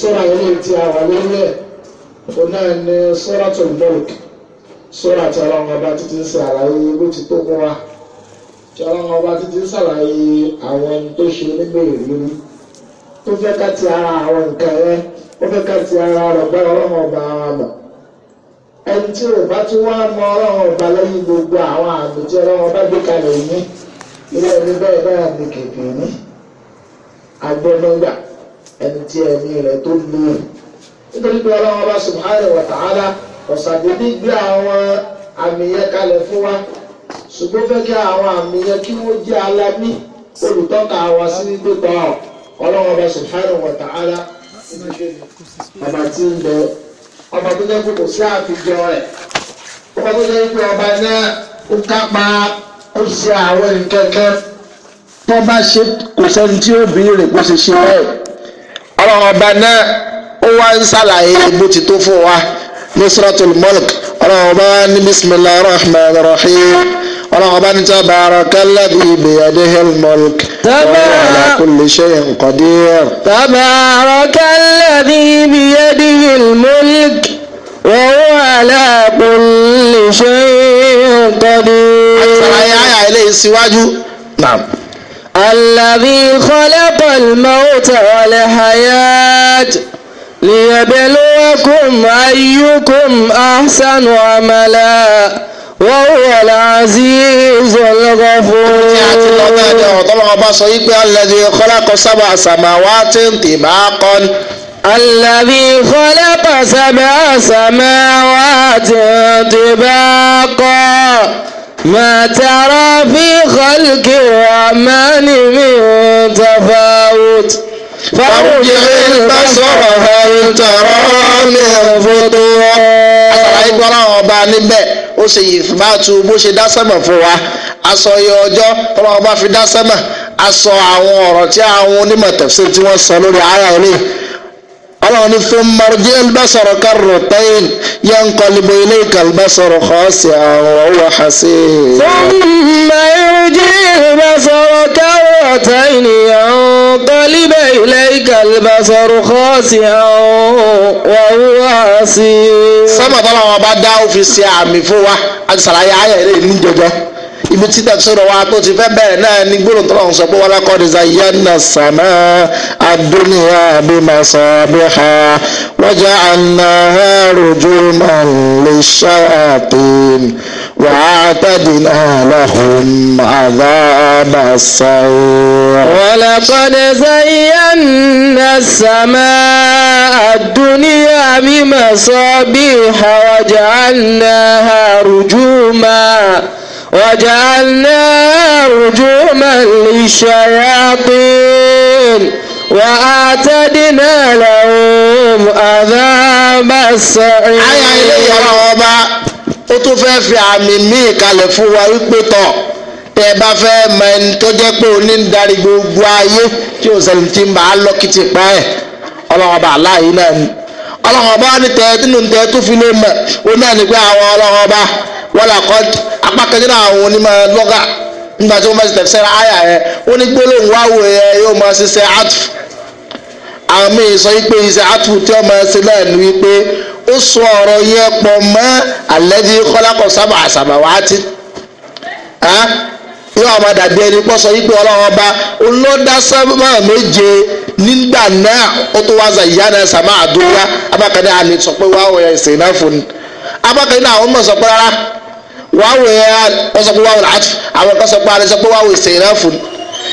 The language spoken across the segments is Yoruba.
sọ́ra ilé tí a wà lórí ẹ̀ o náà ní Suratul Mulk sọ́ra tí ọlọ́run ọba títí ń ṣàlàyé bó ti tó fún wa tí ọlọ́run ọba títí ń ṣàlàyé àwọn ẹni tó ṣe nígbèrè lórí tó fẹ́ ká ti ara àwọn nǹkan yẹn ó fẹ́ ká ti ara rẹ̀ bá ọlọ́run ọba wa mọ̀ ẹni tí ò bá tún wá mọ ọlọ́run ọba lẹ́yìn gbogbo àwọn àmì tí ọlọ́run ọba gbé kalẹ̀ ilé ẹni bẹ́ẹ̀ náà ni kèké ní agbẹ́mọ́gbà ẹni tí ẹ̀mí rẹ̀ tó lé nítorí pé ọlọ́run ọba subhanahu wa ta'ala ọ̀sàdédé gbé àwọn àmì yẹn kalẹ̀ fún wa ṣùgbọ́n fẹ́ kí àwọn àmì yẹn kí wọ́n jẹ́ alámì olùtọ́ka wa sí gbígbà ọlọ́run ọba subhanahu wa ta'ala ọba tí ń bẹ ọba tó jẹ́ pé kò sí àfijọ́ rẹ̀ ọba tó jẹ́ pé ọba náà ó kápá ó ṣe àwọn nǹkan kan ṣe kò sẹ́ni tí ó bí kó ṣe ṣe bẹ́ẹ̀ ọlọ́run ọba náà ó wá ń ṣàlàyé bó ti tó fún wa ní suratul mulk ọlọ́run ọba ní bisimilahi rahman rahim ọlọ́run ọba ní tabarakalladi biyadihil mulk wa ala kulli shay'in qadir. tabarakalladi biyadihil mulk wa huwa ala kulli shay'in qadir. àti sàlàyé àyà ilé ìsíwájú. naam. الذي خلق الموت والحياة ليبلوكم أيكم أحسن عملا وهو العزيز الغفور الذي خلق سبع سماوات طباقا الذي خلق سبع سماوات طباقا ما ترى في خلق الرحمن من تفاوت فارجع البصر هل ترى من فطور àlàyé gbọ́dọ̀ ọba níbẹ̀ ó ṣe ìfìbátu bó ṣe dá sẹ́mà fún wa aṣọ iye ọjọ́ tọ́lá ọba fi dá sẹ́mà aṣọ àwọn ọ̀rọ̀ tí àwọn onímọ̀ tẹ̀sí wọ́n sọ lórí ara rẹ̀ ọlọ́run ní thumma rji al-basara karratayn yanqalibu ilayka al-basaru khasi'an wa huwa hasir. thumma rji al-basara karratayn yanqalibu ilayka al-basaru khasi'an wa huwa hasir. sábà tọ́lá wọn bá dá òfin ṣe àmì fún wa àti sàlàyé ayẹyẹ ìlú jẹjẹ ibi títà sọ̀rọ̀ wa tó ti fẹ́ bẹ̀rẹ̀ náà ní gbólóhùn tó lọ́hùn sọ pé wọ́n lákọ́ ní zayyana sàmà adúniya bí masabiha wájà ànáhà rojú man lè ṣàtìn wà á tàdínà lahum àdáàbà sàwọ́. ولقد زينا السماء الدنيا بمصابيح وجعلناها رجوما وجعلنا رجوما للشياطين وأعتدنا لهم عذاب السعير àyà fẹ́ fi àmì míì kalẹ̀ fún wa wípé tán tẹ bá fẹ́ mọ ẹni tó jẹ́ pé òní ń darí gbogbo ayé tí ò sẹ́ni tí ń bá a pa ẹ̀ ọlọ́run ọba aláàyè náà ni ọlọ́run ọba ní tẹ nínú tẹ fi lè mọ̀ ó náà ní pé àwọn ọlọ́run ọba wàlàkọ́d apá kejì náà àwọn onímọ̀ lọ́gà nígbà tí wọ́n bá ti tẹ̀ sẹ́ra yẹn ní gbólóhùn wá wò yóò máa àtù àwọn míì sọ àtù tí wọ́n máa ṣe náà ni wípé ó sọ ọ̀rọ̀ yẹn pọ̀ mọ́ àlẹ́dí kọ́lákọ̀ sábà wá ti yóò máa dàbí ẹni pọ́ sọ ọlọ́run ọba sábà méje nígbà náà ó tó wá náà sàmà àdúrà sọ pé wá fún un. abákan nínú àwọn ọmọ sọ pé rárá wàáwò yẹn wọ́n sọ pé wàáwò làátù àwọn kan sọ pé àlẹ́ sọ pé wàáwò ìsèǹrẹ́fù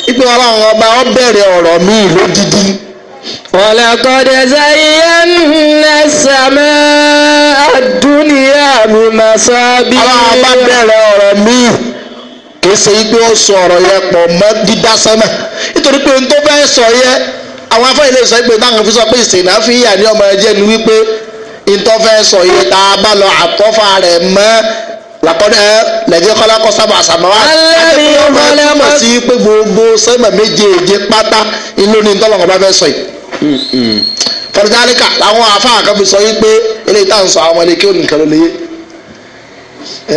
ìpè wọn láwọn ọba wọn bẹ̀rẹ̀ ọ̀rọ̀ míì lódìdí. ولقد زينا السماء الدنيا بمصابيح àwọn àbá bẹ̀rẹ̀ ọ̀rọ̀ míì kìí ṣe pé ó sọ ọ̀rọ̀ yẹn pọ̀ mọ́ dídá sánmà nítorí pé n fẹ́ sọ yẹn àwọn afẹ́ ilé sọ pé táwọn fi sọ pé ìsìnà fi yà ní ọmọ ẹjẹ́ ni wípé ìtọ́fẹ́ sọ yìí tá a bá lọ àtọ́fà rẹ̀ mọ́ lakọ́dẹ́ lẹ́dí kọ́lákọ́ sábà sàmáwá àtẹ̀kọ́ ọmọ túmọ̀ sí pé gbogbo sẹ́mà méjèèjì pátá inú ni ntọ́lọ́kọ̀ bá fẹ́ sọ yìí. fọdùkálíkà làwọn afáà kan fi sọ yìí pé eléyìí tá à ń kí òun nìkan ló lè yé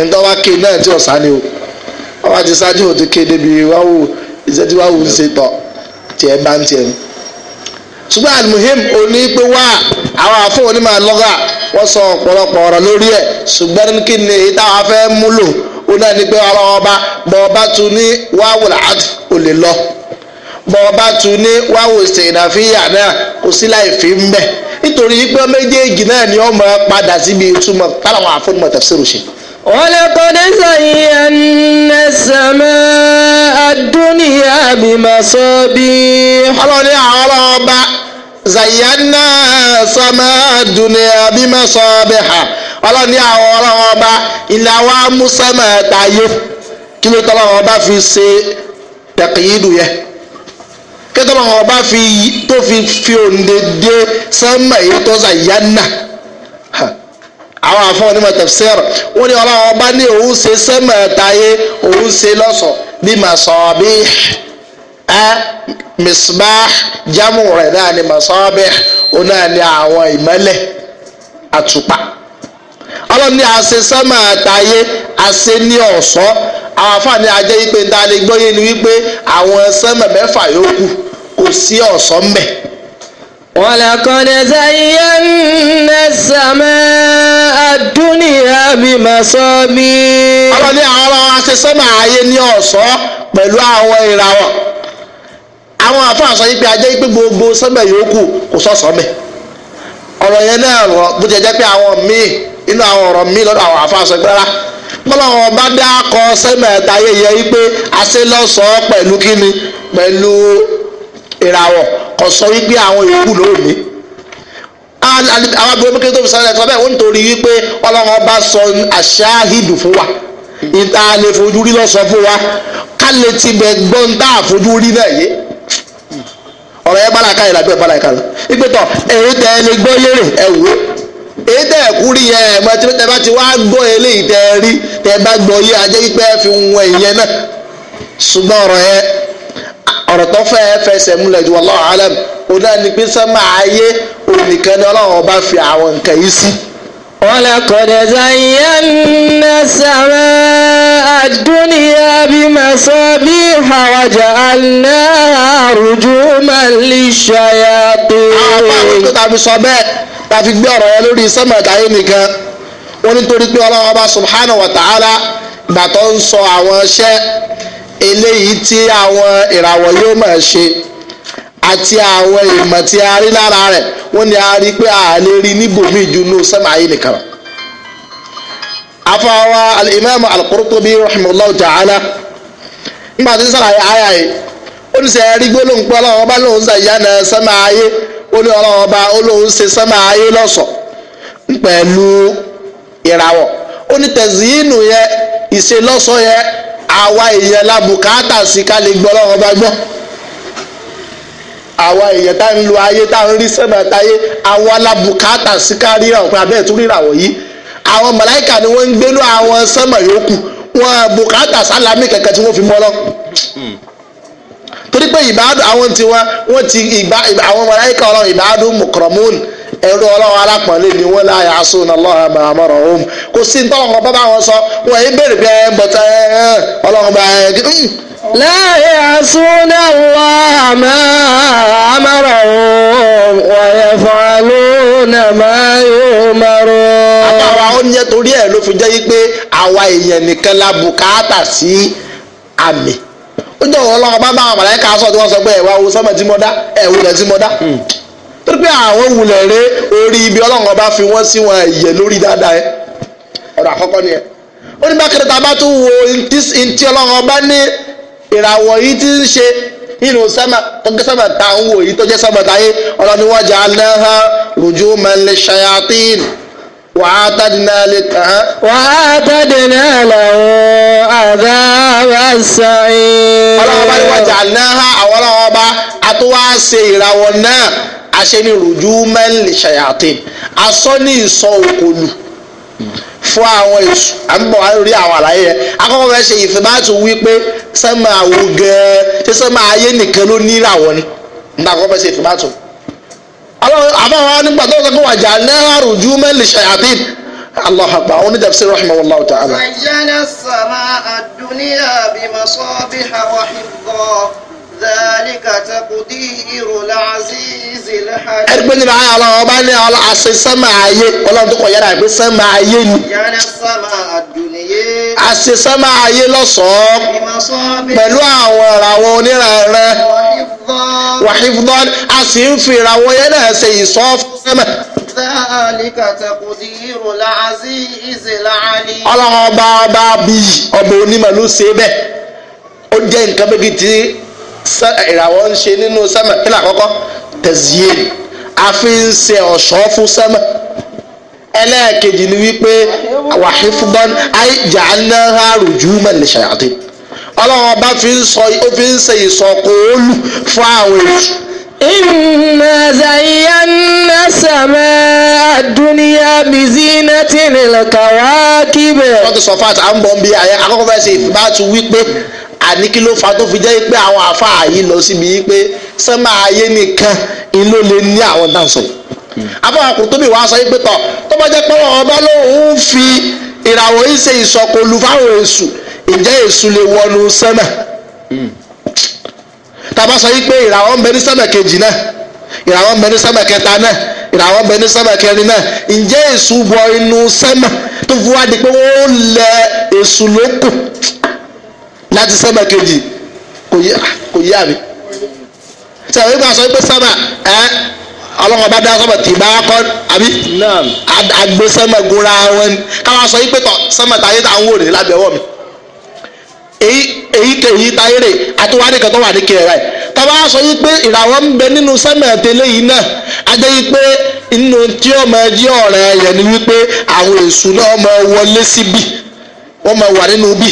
ntọ́wá náà tí ọ̀sán ni o wọ́n ti sáájú òtún ké débi wáwò iṣẹ́ tí wáwò ń ṣe tọ̀ tiẹ̀ bá ń tiẹ̀ ṣùgbọ́n àlùmọ́hìm òní àwọn àfún onímọ̀ lọ́gà wọ́n sọ ọ̀pọ̀lọpọ̀ ọ̀rọ̀ lórí ẹ̀ ṣùgbọ́n kí ni èyí táwọn fẹ́ múlò ó náà ní pé ọlọ́wọ́ ọba bọ̀ ọba tu ní wáwùlà àti olè lọ bọ̀ ọba tu ní wáwù ìsìnàfíyà náà kò sí láì fi ń bẹ̀ nítorí pé méjèèjì náà ni ọmọ padà síbi ìtumọ̀ táwọn àfọ̀nùmọ̀ tafsiru ṣe. ولقد زينا السماء الدنيا بمصابيح zayyana sama dunya bima sabiha ọlọ́ni àwọn ọlọ́wọ́ ọba ilẹ̀ wa mú sánmà tayé kí ló tọ́lọ́wọ́ ọba fi ṣe tẹ̀kìyìdù yẹ kí tọ́lọ́wọ́ ọba fi tó fi fi òǹde dé sánmà yìí tó zayyana àwọn àfọwọ́n ní mọ̀tẹ́fẹ́sẹ̀rọ̀ wọ́n ní ọlọ́wọ́ ọba ní òun ṣe sánmà tayé òun ṣe lọ́sọ̀ọ́ bima sabiha ẹ misbah jamu rẹ̀ náà ni masabih ó náà ni àwọn ìmọ́lẹ̀ àtùpà ọlọ́run ní àṣẹ sẹ́mà àtàyé àṣẹ ní ọ̀ṣọ́ àwọn àfààní ajẹ́ wípé tá a lè gbọ́yé ni wípé àwọn sẹ́mà mẹ́fà yòókù kò sí ولقد زينا السماء الدنيا بمصابيح. ọlọ́run ní àwọn aṣẹ sẹ́mà ayé ní ọ̀ṣọ́ àwọn àfáà sọ yìí pé ajẹ́ pé gbogbo sọ́mẹ̀ yòókù kò sọ sọ́mẹ̀ ọ̀rọ̀ yẹn náà rọ bó ti jẹ́ pé àwọn míì inú àwọn ọ̀rọ̀ míì lọ́dọ̀ àwọn àfáà sọ pé rárá mọ́láwọn bá dá kọ sẹ́mẹ̀ táyé yẹ yìí pé aṣẹ́lọ́sọ̀ọ́ pẹ̀lú kíni pẹ̀lú ìràwọ̀ kò sọ wípé àwọn yòókù ló ní àwọn abúlé kékeré tó fi sọ́dọ̀ ẹ̀kọ́ bẹ́ẹ̀ ó ń torí wípé ọlọ́run ọba sọ àṣàhìdù fún wa ìta lè fojú rí lọ́sọ̀ fún wa ká lè tibẹ̀ gbọ́n tá àfojú rí náà yé ọ̀rọ̀ yẹn bára káyọ̀ làbẹ́ bára káyọ̀ ìgbé tọ̀ èyí tẹ ẹni gbọ́ yéré ẹ wò èyí tẹ ẹ̀kú rí ẹ mọ tí tẹ bá ti wá gbọ́ eléyìí tẹ rí tẹ bá gbọ́ yé ajẹ́ pípẹ́ fi ń wọ ìyẹn náà ṣùgbọ́n ọ̀rọ̀ yẹn ọ̀rọ̀ tó fẹ́ fẹsẹ̀ múlẹ̀ ju wallahu alam òun náà ni pé sẹ́mà ayé òun ni ọlọ́run ọba fi àwọn nǹkan yìí sí. ولقد زينا السماء الدنيا بمصابيح وجعلناها رجوما للشياطين ah, àwọn wọ́n nítorí pé ọlọ́run ọba subhanahu wa ta'ala gbàtọ́ ń sọ àwọn iṣẹ́ eléyìí tí àwọn ìràwọ̀ yóò máa ṣe àti àwọn ìmọ̀ tí a rí lára rẹ̀ wọ́n ní a rí pé a lè rí níbòmí ju inú sẹ́mà ayé nìkan rẹ̀. afọwọ́ alimami al-Qurtubi rahimahullahu ta'ala nígbà tí sàlàyé àyà yìí ó ní sẹ́ rí gbólóhùn pé ọlọ́run ọba lòun ṣàyà na sẹ́mà ayé ó ní ọlọ́run ọba ó lòun ṣe sẹ́mà pẹ̀lú ìràwọ̀ ó ní tẹ̀síìnù yẹ ìṣelọ́ṣọ̀ọ́ yẹ àwa èèyàn la sí ká lè gbọ́ ọlọ́run ọba gbọ́ àwa èèyàn tá ń lo ayé tá ń rí sẹ́mà táyé àwọn alábùkátà sí ká ríra òpin abẹ́ẹ̀ tún ríra wọ̀nyí àwọn màláìkà ni wọ́n ń gbénú àwọn sẹ́mà yòókù wọn bùkátà sálámì kẹ̀kẹ́ tí wọ́n fi mọ́ lọ torí pé ìbádùn àwọn tiwọn wọ́n ti ìbá àwọn màláìkà ọlọ́run ìbádùn mùkọ̀rọ̀mùn ẹrú ọlọ́run alápọ̀nlé ni wọ́n láàyè asún ọlọ́run àmọ́ àmọ́ràn òun kò sí لا يعصون الله ما أمرهم ويفعلون ما يؤمرون. àbáwá ó torí ẹ̀ ló fi jẹ́ yí pé àwa èèyàn nìkan la bùkátà sí àmì ó jẹ́ òun ọlọ́run bá báwọn màláíkà sọ tí wọ́n sọ pé ẹ̀wà wo sọ́mọ tí mo dá ẹ̀wù rẹ̀ tí mo dá hmm. torí pé àwọn wulẹ̀ rẹ orí ibi ọlọ́run bá fi wọ́n sí wọn ẹ̀yẹ lórí dáadáa ẹ ọ̀rọ̀ àkọ́kọ́ ni ẹ ó bá tún wo ntí ọlọ́run bá ní ìràwọ̀ yìí ti ń ṣe nínú tọ́jú sábà tá à ń wò yìí tọ́jú sábà táyé ọlọ́ni wa ja'alnaha rujuman lishayatin wàhátàdínà lè kàn án. wàhátàdínà làwọn àdáwà sàyìn. ọlọ́wọ́ bá ní wa ja'alnaha àwọn ọlọ́wọ́ bá a tó wá ṣe ìràwọ̀ náà a ṣe ní rujuman lishayatin a ní ìsọ òkòlù fún àwọn èṣù à ń bọ̀ wá lórí àwọn àlàyé yẹn akọ́kọ́ fẹ́ ṣe ìfìbátú wípé sẹ́mà wo gan-an ṣé sẹ́mà ayé nìkan ló ní ìràwọ̀ ni nígbà akọ́kọ́ fẹ́ ṣe ìfìbátú. àbáwọn nígbà tó sọ pé wàjà náírà rùjú mẹ́lì ṣàyàtì allah akpa àwọn onídàbísí rahma wallahu ta'ala. wàjà náà sàmà àdúnyà bí masọ́ bí hawa ẹgbẹ́ ní báyìí ọlọ́run ọba ní àṣẹ sánmà ayé ọlọ́run tó kọ̀ yára ìpè sánmà ayé ni àṣẹ sánmà ayé lọ́sọ̀ọ́ pẹ̀lú àwọn ìràwọ̀ oníranran wàhífúdán a sì ń fi ìràwọ̀ yẹn náà ṣe ìṣọ́ fún sánmà. ọlọ́run ọba ọba ọba onímọ̀ ló ṣe bẹ́ẹ̀ ó jẹ́ nǹkan bíbí tí ìràwọ̀ ń ṣe nínú sẹ́mà kí là kọ́kọ́ a fi ń ṣe ọ̀ṣọ́ fún sẹ́mà ẹlẹ́ẹ̀kejì ni wípé wàhífúbọ́n ayé jàǹdà rùjú mẹ́lẹ̀ ṣàyàtì ọlọ́run ọba fi ń sọ ó fi ń ṣe ìsọkò olù fún àwọn èṣù. Inna zayyana sama duniya bizinatin lil kawakib. Wọ́n ti sọ fún àtàwọn bọ̀ ń bí ayé akọ́kọ́ fẹ́ ṣe ìfibá tu wípé àní kí ló fa tó fi jẹ́ pé àwọn àáfàá yìí lọ síbi yìí pé sẹ́mà ayé nìkan in lè ní àwọn dáǹsọ̀ yìí afọ́nà Kùrùtùbí wàá sọ yìí pé tọ̀ tó bá jẹ́ pé ọba fi ìràwọ̀ yìí ṣe ìsọkòlù fáwọn èṣù ǹjẹ́ èṣù lè wọnú sẹ́mà tàbá sọ yìí pé ìràwọ̀ ń bẹ ní sẹ́mà kejì náà ìràwọ̀ ń bẹ ní sẹ́mà kẹta náà ìràwọ̀ ń ní sẹ́mà kẹrin náà èṣù wọ inú sẹ́mà tó kọjá ti sábà kejì kò yá mi sọ̀rọ̀ nígbà sọ pé sábà ẹ́ ọlọ́run ọba dá sọ́mọ̀ tì bá kọ́ àbí àgbé sọ́mọ̀ gúnra wọn káwọn sọ yìí pé tọ̀ sọ́mọ̀ táyé tá à ń wò rè lábẹ́ ọwọ́ mi èyí èyí kèyí táyé rè àtúwádé kan tó wà ní kiri rẹ̀ tọ́ba sọ yìí pé ìràwọ̀ ń bẹ nínú sọ́mọ̀ tẹ́lẹ̀ yìí náà ajẹ́ yìí pé inú tí ọmọ ẹjẹ́ ọ̀rẹ́ yẹn ni wípé àwọn èṣù náà máa wọlé síbi wọ́n máa wà nínú bí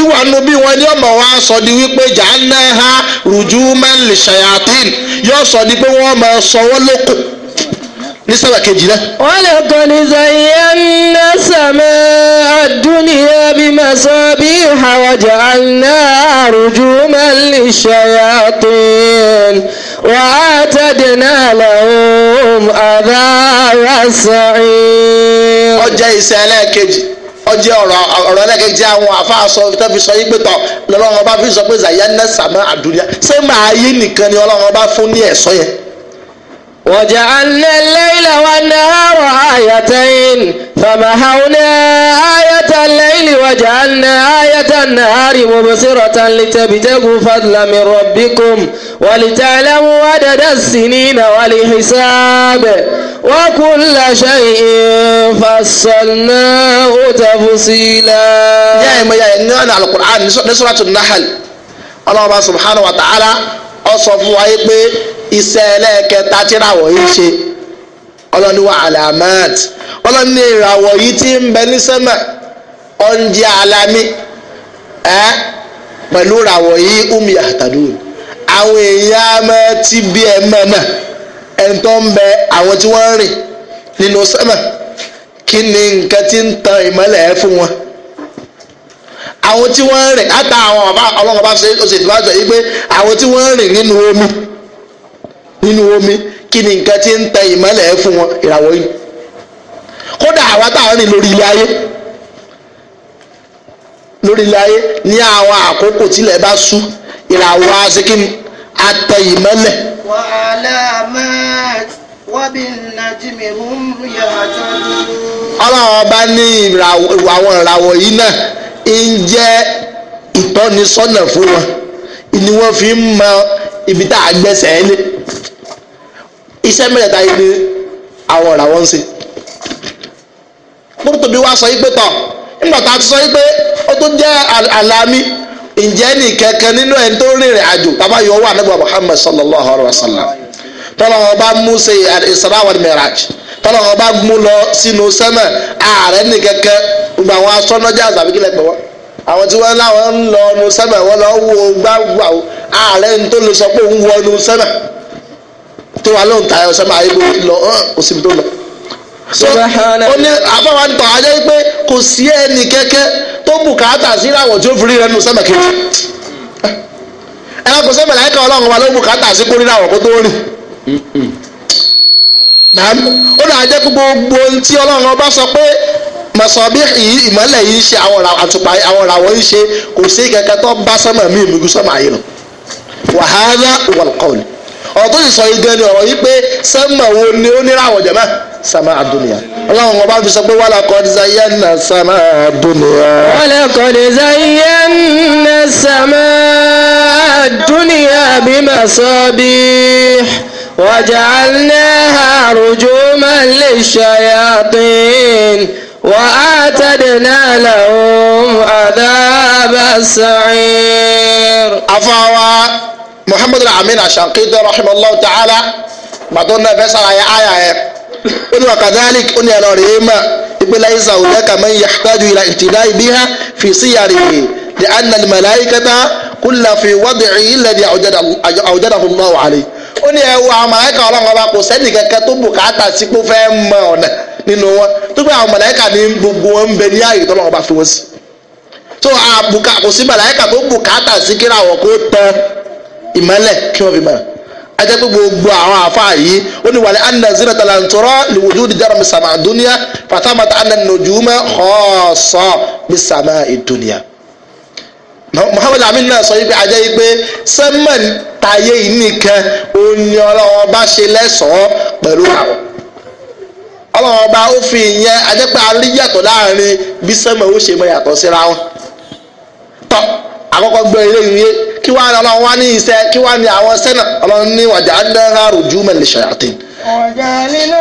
ìwà nínú bí wọn ni wọ́n máa wá sọ di wípé jàǹdà ha rùjú mẹ́lì ṣayatin yóò sọ di pé wọ́n máa sọ wọ́n lóko ní sábà kejì rẹ. wọ́n lè kọ́ ní sàmẹ́ àdúnyẹ bí masọ́bí àwọ̀jà àná àrùjú mẹ́lì ṣayatin wà á tẹ̀dínà lọ́wọ́ àdá àrà sàyìn. ọjà ìṣẹ̀lẹ̀ kejì ọjẹ́ ọ̀rọ̀ ọ̀rọ̀ ẹlẹ́gẹ̀jẹ́ àwọn afáàsọ tó fi sọ yí pé tọ̀ lọ́lọ́run ọba fi sọ pé zayanna sàmà àdúnyà ṣé màá yé nìkan ni ọlọ́run ọba fún ní ẹ̀sọ́ yẹn وجعلنا الليل والنهار آيتين فمحونا آية الليل وجعلنا آية النهار مبصرة لتبتغوا فضلا من ربكم ولتعلموا عدد السنين والحساب وكل شيء فصلناه تفصيلا يا إما يا إني أنا على القرآن نسرة النحل الله سبحانه وتعالى أصفوا أيقبي iṣẹ́ ẹlẹ́ẹ̀kẹta tíràwọ̀ yìí ṣe ọlọ́niwà alamat ọlọ́ni ti ń bẹ ní sẹ́mẹ̀ ọ̀njẹ́ alami ẹ, umi àtàdùn àwọn èèyàn á bí ẹ mẹ́mẹ́ ẹ̀ ń tọ́ ń bẹ àwọn wọ́n ń rìn nínú kí ni nǹkan ti ń tan ìmọ́lẹ̀ ẹ fún wọn àwọn tí wọ́n ń rìn ọlọ́run ọba ṣe yìí pé àwọn wọ́n ń rìn nínú nínú omi kí ni nǹkan tí ń tẹ ìmọ́lẹ̀ fún wọn ìràwọ̀ yìí kódà àwa táwọn rìn lórí ilé ayé lórí ilé ayé ní àwọn àkókò tílẹ̀ bá sú ìràwọ̀ asekin atẹ ìmọ́lẹ̀. wàhálà mẹ́t wábí nàjímì hùm yàtọ̀. ọlọ́run ọba ní àwọn ìràwọ̀ yìí náà ń jẹ́ ìtọ́nisọ́nà fún wọn ni wọ́n fi ń mọ ibi tá a gbẹ́sẹ̀ lé. iṣẹ́ mẹ́rẹ̀ẹ̀ta yìí ni àwọn ọ̀rà wọn ń ṣe Qurtubi wá sọ yìí pé tọ̀ nígbà tá a ti sọ yìí pé ó tún jẹ́ àlàmì ǹjẹ́ ní kẹ̀kẹ́ nínú ẹ̀ tó rìnrìn àjò bàbá yòówù ànágbà Muhammad sallallahu alayhi wa sallam tọ́lọ́ ọba mú ṣe al-Isra wal-Miraj tọ́lọ́ ọba mú lọ sínú sẹ́mẹ̀ ààrẹ ní kẹ̀kẹ́ gbogbo àwọn asọ́nọ́jà àzàbíkílẹ̀ pẹ̀wọ́ àwọn tí wọ́n láwọn ń lọ nu sẹ́mẹ̀ wọ́n lọ wo gbàgbà ààrẹ ń tó lè sọ pé òun wọ nu sẹ́mẹ̀ tó wà lóhùn tayọ sọmọ ayébo lọ kò síbi tó lọ. so ó ní àbáwá ń tàn ájẹ́ pé kò sí ẹnì kẹ́kẹ́ tó bùkátà sí ìràwọ̀ tí ó fi rí rẹ nù sọ́mọ kejì. ẹranko sẹ́mi láìka ọlọ́run wa ló bùkátà sí kórìíra àwọ̀ kó tó rìn. ó dà jẹ́ pé gbogbo ohun tí ọlọ́run ọba sọ pé mọ̀sọ̀bí yìí ìmọ̀lẹ̀ yìí ṣe àwọn àtùpà àwọn ràwọ̀ yìí ṣe kò sí kẹ̀kẹ́ tó bá sọ́mọ̀ mí ìmùgú ayé lọ. wàhálà wọ̀lkọ́ọ̀lù ọ̀rọ̀ tó sì sọ yìí gan ni ọ̀rọ̀ yìí pé sẹ́mà wo ni ó níràwọ̀ jẹ̀mọ́ sàmà àdúnìyà ọlọ́run ọba fi sọ pé wàlá kọ́ni zayyana sàmà àdúnìyà. wàlá kọ́ni zayyana sàmà àdúnìyà bima sabih waja'alnaha rujuman lishayatin wa'atadna lahum adhaba as-sa'ir. àfọwọ́ muhammadu amin ashankiti rahimahullah ta'ala gbàtọ́ náà fẹ́ sàlàyé àyà yẹn ó ní wa kadhalik ó ní ẹ̀rọ rèé mà ìpínlẹ̀ isa òdẹ́ka man yahtaju ila ibtida'i biha fi siyarihi di anna al-malaikata kulla fi wadi'i alladhi awjadahu Allahu alayhi ó ní ẹwọ àwọn màláìka ọlọ́run ọba kò sẹ́ni kankan tó bùkátà sí kó fẹ́ mọ ọ̀nà nínú wọn tó gbé àwọn màláìka ní gbogbo wọn ń bẹ ní ààyè tọ́lọ́run ọba fi wọ́n sí tó àbùkà kò sí màláìka tó bùkátà sí kíra àwọn kó tán ìmọ́lẹ̀ kí wọ́n fi mọ̀ ajẹ́ pé gbogbo àwọn àfáà yìí ó ní wàlẹ́ anna zina talantoro lùwùdú di dára misama dúníà fatamata anna nojúmọ́ ọ̀ọ́sọ́ misama ìdúníà. Muhammad Amin náà sọ wípé ajẹ́ wípé sẹ́mọ̀n tayé yìí nìkan òní ọlọ́wọ́ bá ṣe lẹ́sọ̀ọ́ pẹ̀lú àwọn ọlọ́wọ́ bá ó fi ìyẹn ajẹ́ pé aríyàtọ̀ láàrin bí sẹ́mọ̀n ó ṣe mọ yàtọ̀ síra wọn. tọ́ àkọ́kọ́ gbọ́ ilé kí wàá ní ọlọ́run wá ní iṣẹ́ kí wàá ní àwọn iṣẹ́ náà ọlọ́run ní wàjà ńlẹ́ra rojú mẹ́lẹ̀ ṣayatin. wàjà nínú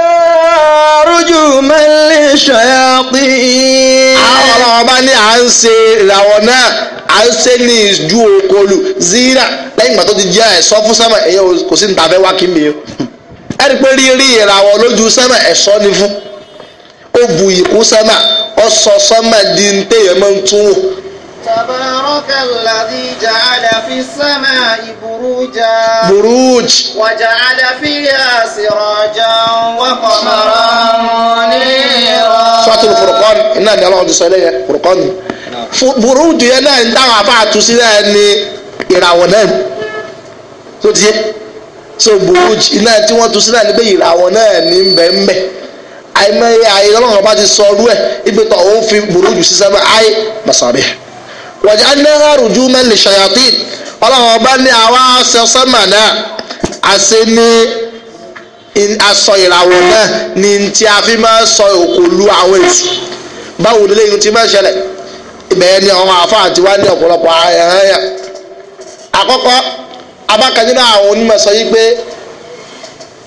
rojú mẹ́lẹ̀ ṣayatin. àwọn ọlọ́run bá ní à ń ṣe ìràwọ̀ náà à ń ṣe ní ìjú okolu zira lẹ́yìn ìgbà tó ti jẹ́ ẹ̀sọ́ fún sẹ́mọ̀ ẹ̀yẹ kò sí níta fẹ́ wá kí mi o. ẹ̀rí pé rírí ìràwọ̀ lójú sẹ́mọ̀ ẹ̀sọ́ ni fún ó bu ìkú sẹ́mọ̀ ọ sọ sọ́mọ̀ di ní téèyàn máa ń tún wò تبارك الذي جعل في السماء بروجا بروج وجعل فيها سراجا وقمرا منيرا سورة الفرقان إنها ni ọlọ́run ti sọ ilé yẹn Furqan burúdù yẹn náà ń dáhùn àbá ni ìràwọ̀ náà tó ti so buruj iná tí wọ́n tún sí náà ni pé ìràwọ̀ náà ní ń bẹ̀ ń bẹ̀ àìmọye àyè ọlọ́run ọba ti sọ ọdún ẹ̀ ìgbẹ́tọ̀ òun fi burújù sí sábà ayé masabi. waj'alnaha rujuman lishayatin ọlọ́run ọba ní àwa aṣọ sọ́mà náà àṣẹ ní aṣọ ìràwọ̀ náà ní tí a fi máa sọ òkòlù àwọn èṣù báwo ni lẹ́yìn tí máa ṣẹlẹ̀ ibẹ̀ ni àwọn àfáà ti wá ní ọ̀pọ̀lọpọ̀ ẹ̀hẹ́yà àkọ́kọ́ abákanjú náà àwọn onímọ̀ sọ yí pé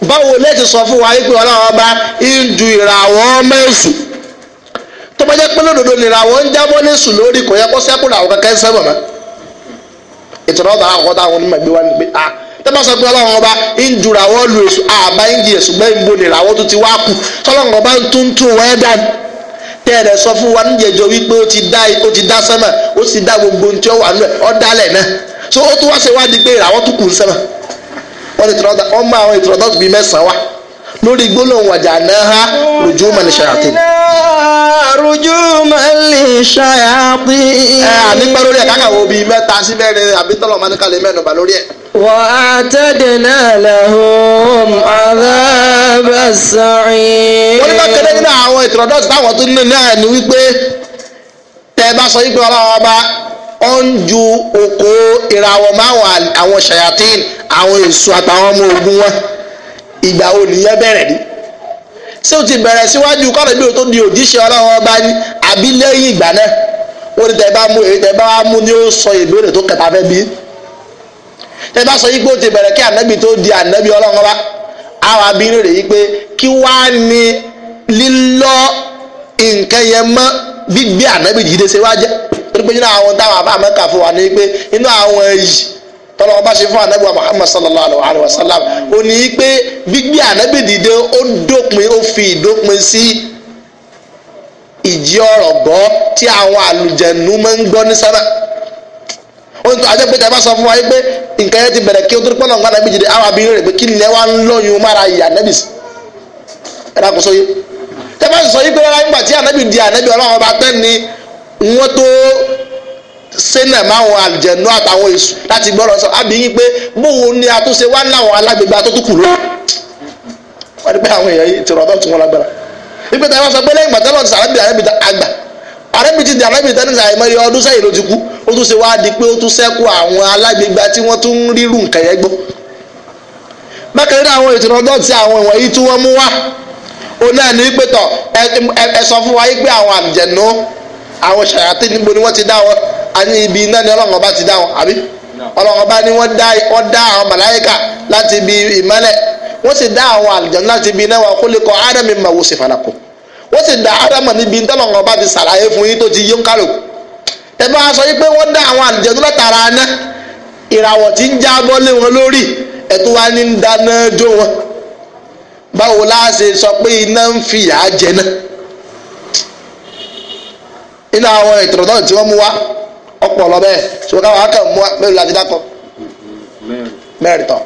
báwo lẹ́tì sọ fún wa yí pé ọlọ́run ọba ń du ìràwọ̀ mẹ́sùn. tó bá jẹ́ pé lódodo nira àwọn ń jábọ́ ní sùn lórí kò yẹ kó sẹ́kùn àwọn kankan sẹ́wọ̀n mọ́ ìtura ọ̀tà àkọ́kọ́ táwọn onímọ̀ gbé wá ní pé ah, ọba ń wọ́n lu àbá ń bo nira wọ́n tún ti wá kù tọ́lọ́run ọba ń tún tún wọ́n dà ní tẹ́ẹ̀rẹ̀ sọ fún wa níjẹ̀jọ́ wípé ó ti dá sẹ́mà ó ha wàrújú mẹ́lì ṣayàpì. ẹ àní pẹ́ lórí ẹ̀ káka wo bíi mẹ́ta sí mẹ́rin àbí tọ́lọ̀ máa ní kalẹ̀ mẹ́nu bà lórí ẹ̀. wà á tẹ́dẹ̀ náà lahum àdábà sàrin. wọ́n ní bá kéde nínú àwọn ìtìrọ̀dọ́sì táwọn tó nílò náà ni wípé tẹ́ ẹ bá sọ yípe ọlọ́wọ́ bá ó ń ju oko ìràwọ̀ máwọn àwọn ṣayatin àwọn èso àtàwọn ọmọ ogun wọn ìgbà wo nìyẹn bẹ̀rẹ̀ ni ṣé o ti bẹ̀rẹ̀ síwájú kọ́lẹ̀ bí o tó di òjíṣẹ́ ọlọ́run ọba ní àbí lẹ́yìn ìgbà náà wọ́n ní tẹ̀ bá mú èyí tẹ̀ bá mú ni ó sọ ìbéèrè tó kẹta fẹ́ bí tẹ̀ bá sọ yí pé o ti bẹ̀rẹ̀ kí ànábì tó di ànábì ọlọ́run ọba àwọn abirùn rẹ̀ yí pé kí wá ní lílọ nǹkan yẹn mọ́ gbígbé ànábì jìde ṣe wá torí pé nínú àwọn táwọn àbá mẹ́ka fún wa ní pé nínú àwọn yìí tọ́lọ́ ọba ṣe fún anabi wa muhammad sallallahu alayhi wa sallam ó ní pé gbígbé anabi dìde ó dópin ó fi ìdópin sí ìjì ọ̀rọ̀ gbọ́ tí àwọn àlùjẹ̀nu máa ń gbọ́ ní sára ó ní tó ajẹ́ pé tí bá sọ fún wa yìí pé nǹkan yẹn ti bẹ̀rẹ̀ kí o tó rí pọ́nlọ́ọ̀gbọ́n anabi dìde àwọn abirin rẹ̀ pé kí ilẹ̀ wa ń lóyún mára ìyá anabi sí ẹ̀rọ àkóso yìí tẹ́ bá sọ yìí pé rárá nígbà tí anabi di anabi ọlọ́run ọba pẹ́ ni wọ́n tó sẹ́nà máwọn àlùjẹ̀nú àtàwọn èṣù láti gbọ́rọ̀ sọ abiyín pé bóun ni àtúnṣe wá láwọn alágbègbè àtúntúkù lọ. wọ́n ti pẹ́ àwọn èèyàn yìí tìrọ̀ ọ̀dọ́ tún wọn lágbára. ìpè tàbí wọ́n sọ pé lẹ́yìn gbàtẹ́lọ̀ ti sàrẹ́bì àrẹ́bì àgbà àrẹ́bì ti di àrẹ́bì tẹ́lẹ̀ sàrẹ́ mọ́ iye ọdún sẹ́yìn ló ti kú ó tún ṣe wá di pé ó tún ṣẹ́kù àwọn alágbègbè tí wọ́n tún rírù nǹkan yẹn gbọ́. bákan náà àwọn ìtìrọ̀ ọ̀dọ́ ti àwọn ìwọ̀nyí tí wọ́n mú wá òun náà a ní ibi iná ni ọlọ́run ọba ti dá wọn àbí ọlọ́run ọba ni wọ́n dá wọ́n dá àwọn màláyíkà láti ibi ìmọ́lẹ̀ wọ́n sì dá àwọn àlùjọ́n láti ibi iná wa kó lè kọ́ ádámì mà wò sí fanakọ wọ́n sì dá ádámà níbi tọ́lọ́run ọba ti sàlàyé fún yín tó ti yí ń kárò ẹ bá sọ yín pé wọ́n dá àwọn àlùjọ́n látara aná ìràwọ̀ tí ń jábọ́ lé wọn lórí ẹ̀tọ́ wa ní ń dáná jó wọn báwo la ṣe sọ pé iná ń fìyà jẹ náà nínú àwọn ìtọ̀rọ̀ náà tí wọ́n mú wá ọ̀pọ̀ lọ bẹ́ẹ̀ ṣùgbọ́n káwọn akẹ́ mú mẹ́rin láti dákọ. mẹ́rin tán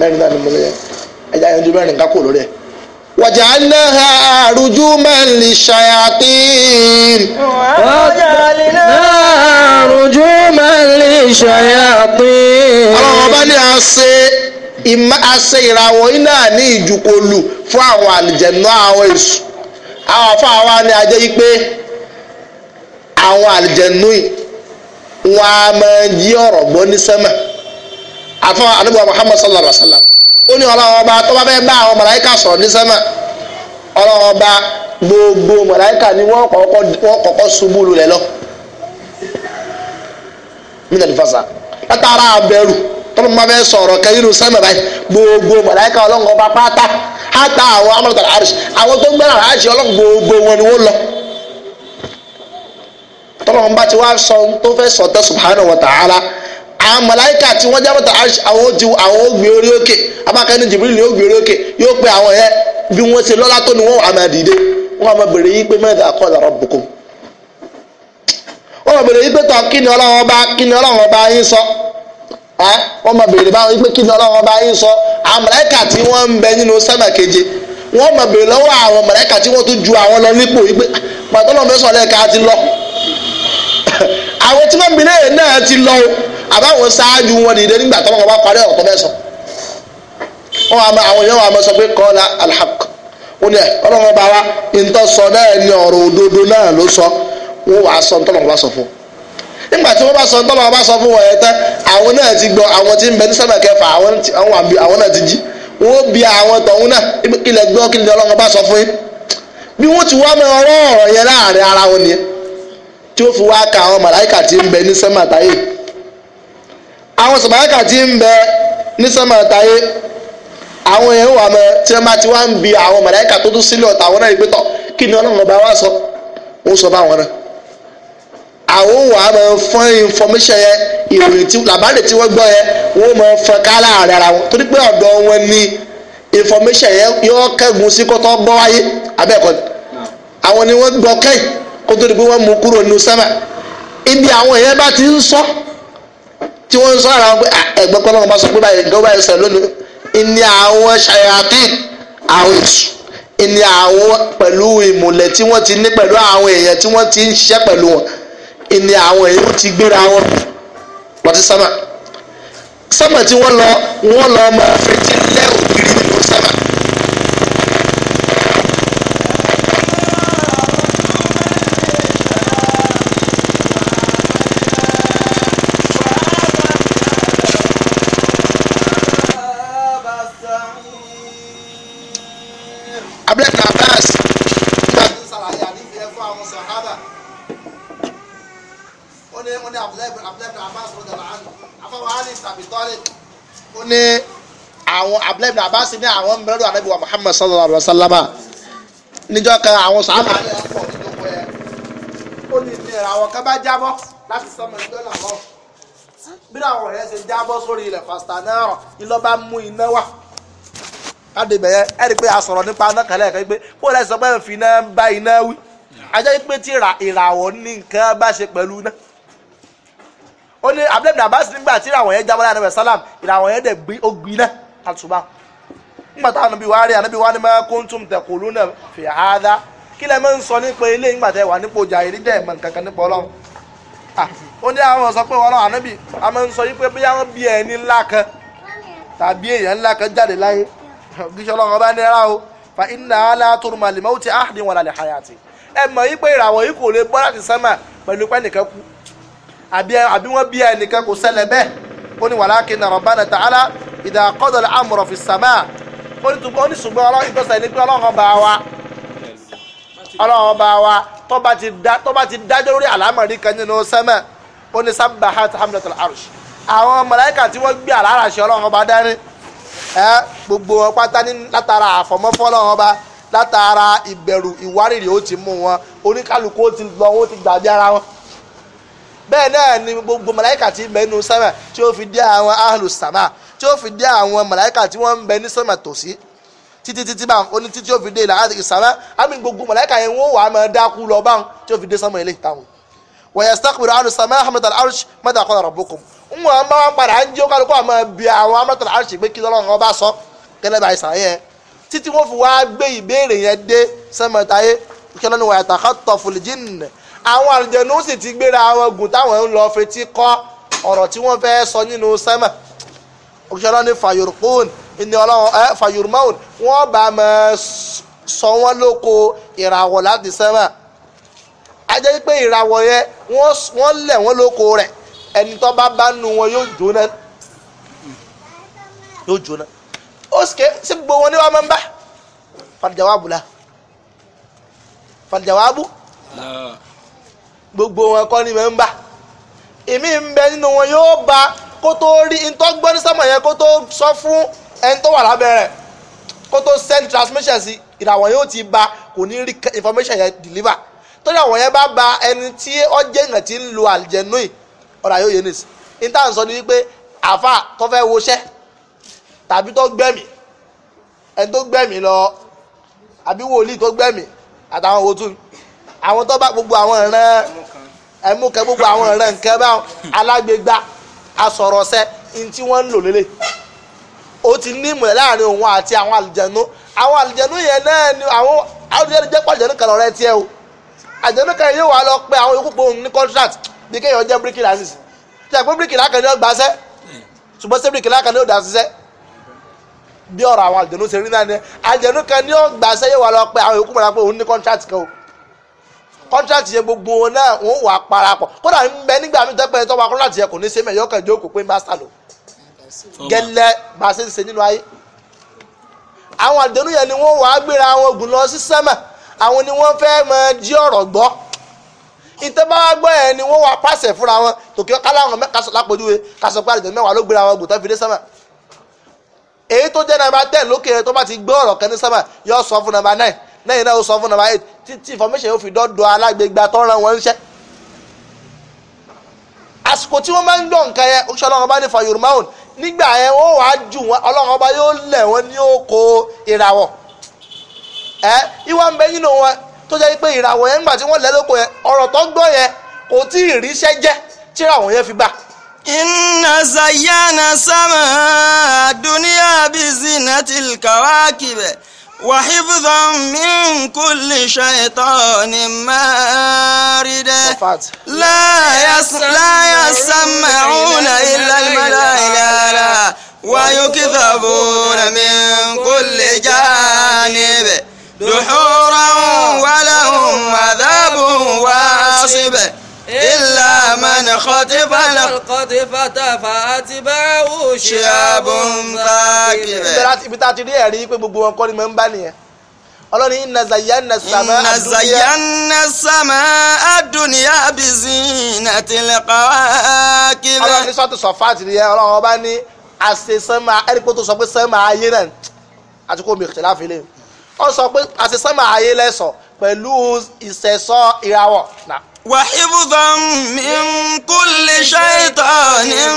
mẹ́rin náà ni mo lóye ẹja yanjú mẹ́rin ká kó lórí ẹ̀. waja'alnaha rujuman lishayatin. waja'alnaha rujuman lishayatin. ọlọ́run ọba ní a ìmọ̀ àṣẹ ìràwọ̀ iná ní ìjùkọlù fún àwọn àlìjẹ̀nú àwọn èṣù àwọn afọ àwa ni a jẹ́ yí pé àwọn àlìjẹ̀nú yìí wọn a máa yí ọ̀rọ̀ gbọ́ ní sẹ́mà àfọwọ́ àdúgbò Muhammad sallallahu alayhi wa sallam ó ní ọlọ́wọ́ ọba tó bá fẹ́ bá àwọn màláìka sọ̀rọ̀ ní sẹ́mà ọlọ́wọ́ ọba gbogbo màláìka ni wọ́n kọ́kọ́ ṣubú lulẹ̀ lọ mílíọ̀nù fasa látara àbẹ̀rù tọ́lọ́ máa fẹ́ sọ̀rọ̀ kẹ́yìnrún sẹ́mẹ̀ báyìí gbogbo màláìka ọlọ́run ọba pátá hátà àwọn amọ̀lẹ́tà àrùsì àwọn tó ń tọ́lọ́run bá ti wá sọ ohun tó fẹ́ sọ tán subhanahu wa ta'ala àwọn màláíkà tí wọ́n jábọ̀tà arsh àwọn ojú àwọn ògbé orí òkè abákẹ́ni pe àwọn yẹn bí wọ́n ṣe tonu tó ni wọn àmà dìde wọ́n àmà bèrè pé àmà bèrè pé ọba kí ọba yín sọ àmà bèrè báwọn ọba yín sọ àwọn tí ń bẹ nínú keje àmà bèrè àwọn tí tún ju àwọn lọ nípò pé pàtó àwọn tí wọ́n gbin lẹ́yìn náà ti lọ o àbáwọn ṣáájú wọn dìde nígbà tó wọn bá parí ọ̀rọ̀ tó bẹ́ẹ̀ sọ wọn àmọ́ àwọn yẹn wọn àmọ́ sọ pé kọ́lá alhaq wọn ni ẹ ọlọ́run bá wa ntọ́ sọ náà ni ọ̀rọ̀ òdodo náà ló sọ wọn wàá sọ ntọ́lọ́run bá sọ fún nígbà tí wọ́n bá sọ ntọ́lọ́run bá sọ fún wọn yẹn tán àwọn náà ti gbọ́ àwọn tí ń bẹ ní sábà kẹfà àwọn náà ti jí wọn bí àwọn tọ̀hún náà ilẹ̀ gbọ́ kí ni ọlọ́run bá sọ fún yín bí wọ́n ti wá mọ ọ̀rọ̀ ọ̀rọ̀ tí ó fi wá ka àwọn màláìkà tí ń bẹ ní sẹ́mà àwọn sàmàláìkà tí ń bẹ ní àwọn wà tí bi àwọn tó tún àwọn náà yìí kí ni ọba ó sọ bá àwọn náà àwọn wà á máa information yẹn ìròyìn tí tí wọ́n gbọ́ yẹn wọ́n máa fún wọn torí ọ̀dọ̀ wọn ni information kótó di pé wọ́n mú kúrò nínú sẹ́mà ibi àwọn èèyàn bá ti ń sọ tí wọ́n ń sọ ara wọn pé ah, ẹ̀gbọ́n kọ́ lọ́wọ́ bá sọ pé báyìí nǹkan báyìí sọ lónìí ìní àwọn ṣayatin àwọn èṣù ìní àwọn pẹ̀lú ìmùlẹ̀ tí wọ́n ti ní pẹ̀lú àwọn èèyàn tí wọ́n ti ń ṣiṣẹ́ pẹ̀lú wọn ìní àwọn èèyàn ti gbéra wọn lọ sí sẹ́mà sẹ́mà tí wọ́n lọ wọ́n lọ ọmọ fìtí ní àwọn abdullahi bin abbas ní àwọn mìíràn anabi wa muhammad sallallahu alaihi wa sallam níjọ́ kan àwọn sàhábà ní ọ̀pọ̀ ìdókòó ẹ̀ ó ní ìnira àwọn kan bá jábọ́ láti sọmọ ìjọ làwọn bí àwọn ọ̀rẹ́ ṣe jábọ́ sórí ilẹ̀ pásítà náà ìlọ́ bá mú iná wà káde bẹ̀yẹ ẹ̀rí pé a sọ̀rọ̀ nípa iná kan lẹ́ẹ̀kan pé kó lẹ́sọ̀ pé fi iná bá iná wí ajá pé tí ìràwọ̀ ní nǹkan bá ṣe pẹ̀lú náà ó ní abdul abbas nígbà tí ìràwọ̀ yẹn jábọ́lá anabi salam ìràwọ̀ yẹn dẹ̀ gbé ó gbin náà àtúbà nígbà táwọn anabi wa rí anabi wa ní ma kuntum taquluna fi hadha kí lẹ máa ń sọ nípa ilé nígbà tẹ wà nípò jà èrí dẹ̀ mọ̀ nǹkan kan nípa ọlọ́run ó ní àwọn sọ pé ọlọ́run anabi a máa ń sọ wípé bóyá wọ́n bí ẹni ńlá kan tàbí èèyàn ńlá kan jáde láyé gíṣẹ́ ẹ mọ̀ yí pé ìràwọ̀ yìí kò lè bọ́ láti sánmà pẹ̀lú pẹ́ nìkan kú àbí wọ́n bí ẹnìkan kò ṣẹlẹ̀ bẹ́ẹ̀ ó ní wàlákin rabbana ta'ala idha qada al-amra fi as-sama' ó ní ṣùgbọ́n ọlọ́run ìtọ́sẹ̀ ní pé ọlọ́run bá wa ọlọ́run bá wa tó bá ti dájọ́ lórí àlámọ̀rí kan nínú sẹ́mẹ̀ ó ní sabbahat hamdatul arsh àwọn màláíkà tí wọ́n gbé àláràṣẹ ọlọ́run ọba dání ẹ gbogbo wọn látara àfọmọ́fọ́ ọlọ́run ọba látara ìbẹ̀rù ìwárìrì ó ti mú wọn oníkálukú ó ti lọ ó ti gbàgbé ara wọn bẹ́ẹ̀ náà ni gbogbo màláìkà tí ń bẹ nínú sámà tí ó fi dé àwọn ahlu sàmà tí ó fi dé àwọn màláìkà tí wọ́n ń bẹ ní sámà tòsí títí títí bá wọn ní títí ó fi dé ilà sàmà àmì gbogbo màláìkà yẹn wọ́n wà á máa dákú lọ báwọn tí ó fi dé sámà ilé ìtàwọn. wa yastakbiru ahlu sàmà hamdal arsh madha qala rabbukum ń wọn bá wọn padà ń jẹ́ kálukú àmọ́ bí àwọn hamdal arsh pé kí lọ́lọ́run ọba sọ kẹlẹ́ bá ìsàn yẹn títí wọ́n fi wá gbé ìbéèrè yẹn dé sámà al-jinn àwọn àlùjẹ̀nù sì ti gbéra àwọn gùn táwọn ń lọ fetí kọ́ ọ̀rọ̀ tí wọ́n fẹ́ sọ nínú sẹ́mà òṣèlú ní fàyòrùkún ní ọlọ́run ẹ fàyòrùmáwòn wọ́n bá máa sọ wọ́n lóko ìràwọ̀ láti sẹ́mà ajẹ́ pé ìràwọ̀ yẹn wọ́n lẹ̀ wọ́n lóko rẹ̀ ẹni tó bá bá nu wọn yóò jóná yóò jóná ó sì ké sí gbogbo wọn ní wàá máa ń bá fàdìjàwábù la fàdìjàwábù gbogbo wọn kọ́ ni mẹ́ńbà èmi ń bẹ nínú wọn yóò ba kó tó rí ntọ́gbọ́n ní sọ́mọ̀ yẹn kó tó sọ fún ẹni tó wà lábẹ́ kó tó send transmission sí ìràwọ̀ yóò ti ba kò ní rí information yẹn deliver torí àwọn yẹn bá ba ẹni tí ó jẹ́ ìgbà tí ń lo àlìjẹ̀nú yìí ọ̀rọ̀ yóò yé ní sí ní táwọn sọ ni wípé àáfà tó fẹ́ woṣẹ́ tàbí tó gbẹ̀mí ẹni tó gbẹ̀mí lọ àbí wòlíì tó gbẹ̀mí àtàwọn wo tún àwọn tó bá gbogbo àwọn ìran ẹmú kan gbogbo àwọn ìran nǹkan báwọn alágbègbà asọ̀rọ̀sẹ́ ní tí wọ́n ń lò lélẹ̀ ó ti ní ìmọ̀ láàrin òun àti àwọn àlùjẹ̀nu àwọn àlùjẹ̀nu yẹn náà ni àwọn àlùjẹ̀nu jẹ́ pàjẹ́nu kan lọ́rẹ́ tiẹ̀ o àjẹ̀nu kan yóò wá lọ pé àwọn yòókù pé òun ní contract bí kéèyàn jẹ́ bíríkìlà nìsín tẹ̀ pé bíríkìlà kan ní ọgbà sẹ́ ṣùgbọ́n sí bíríkìlà kan ní ọ̀dà ṣiṣẹ́ bí ọ̀rọ̀ àwọn àlùjẹ̀nu ṣe rí náà ni àlùjẹ̀nu kan ní ọgbà yóò wá lọ pé àwọn yòókù kọ́ńtrátì yẹn gbogbo wọn náà wọ́n wà parapọ̀ kódà ń bẹ nígbà mi tẹ́pẹ́ tọ́wọ́ kọ́ńtrátì yẹn kò ní sẹ́mẹ̀ yọkàn jókòó pé mástà lò gẹ́lẹ́ bá a ṣe ń ṣe nínú ayé àwọn àdéhùn yẹn ni wọ́n wà á gbéra wọn gùn lọ sí sẹ́mà àwọn ni wọ́n fẹ́ mọ jí ọ̀rọ̀ gbọ́ ìtẹ́bàgbọ́ ẹ̀ ni wọ́n wà pàṣẹ fúnra wọn tòkí káláwọn mẹ́kàsọ lápòjúwe kàṣọ pé àdìjọ mẹ́wàá ló gbéra wọn gùn tó fi dé sẹ́mà èyí tó jẹ́ nàìjíríà tẹ̀ lókè tó bá ti gbọ́ ọ̀rọ̀ kan ní sẹ́mà yóò sọ fún nàìjíríà náà lẹ́yìn náà ó sọ fún nàbàáyé títí information yóò fi dọ́dọ̀ alágbègbè àtọ́ràn wọn ń ṣẹ́. àsìkò tí wọ́n máa ń gbọ́ nǹkan yẹn oṣù ọlọ́run ọba ní fa yorùbá nígbà yẹn wọ́n wàá jù wọn ọlọ́run ọba yóò lẹ̀ wọ́n ní oko ìràwọ̀ ẹ ìwà ń bẹ nínú wọn tó jẹ́ pé ìràwọ̀ yẹn tí wọ́n lẹ́ lóko yẹn ọ̀rọ̀ tó gbọ́ yẹn kò tí ì ríṣẹ́ jẹ́ tí ìràwọ̀ yẹn fi gbà. وحفظا من كل شيطان مارد لا يس لا يسمعون إلا الملائكة ويكذبون من كل جانب دحورا ولهم عذاب واصب فمن خطف القطفة فأتبعه شهاب ثاقب. ibi tá a ti rí ẹ̀rí pé gbogbo wọn kọ́ ni mo ń bá nìyẹn ọlọ́ni iná zayanna sama adúniya. iná zayanna sama adúniya bizina tilqawakib. ọlọ́ni sọ́tù sọ̀fàtì ni ẹ ọlọ́run ọba ní àṣesánmà ẹ̀ríkó tó sọ pé sánmà ayé náà àti kó mi ìṣẹ̀lá fi ọ sọ pé àṣesánmà ayé lẹ́sọ̀ọ́ pẹ̀lú ìṣẹ̀ṣọ́ ìràwọ̀. wa hifdhan min kulli shaytanin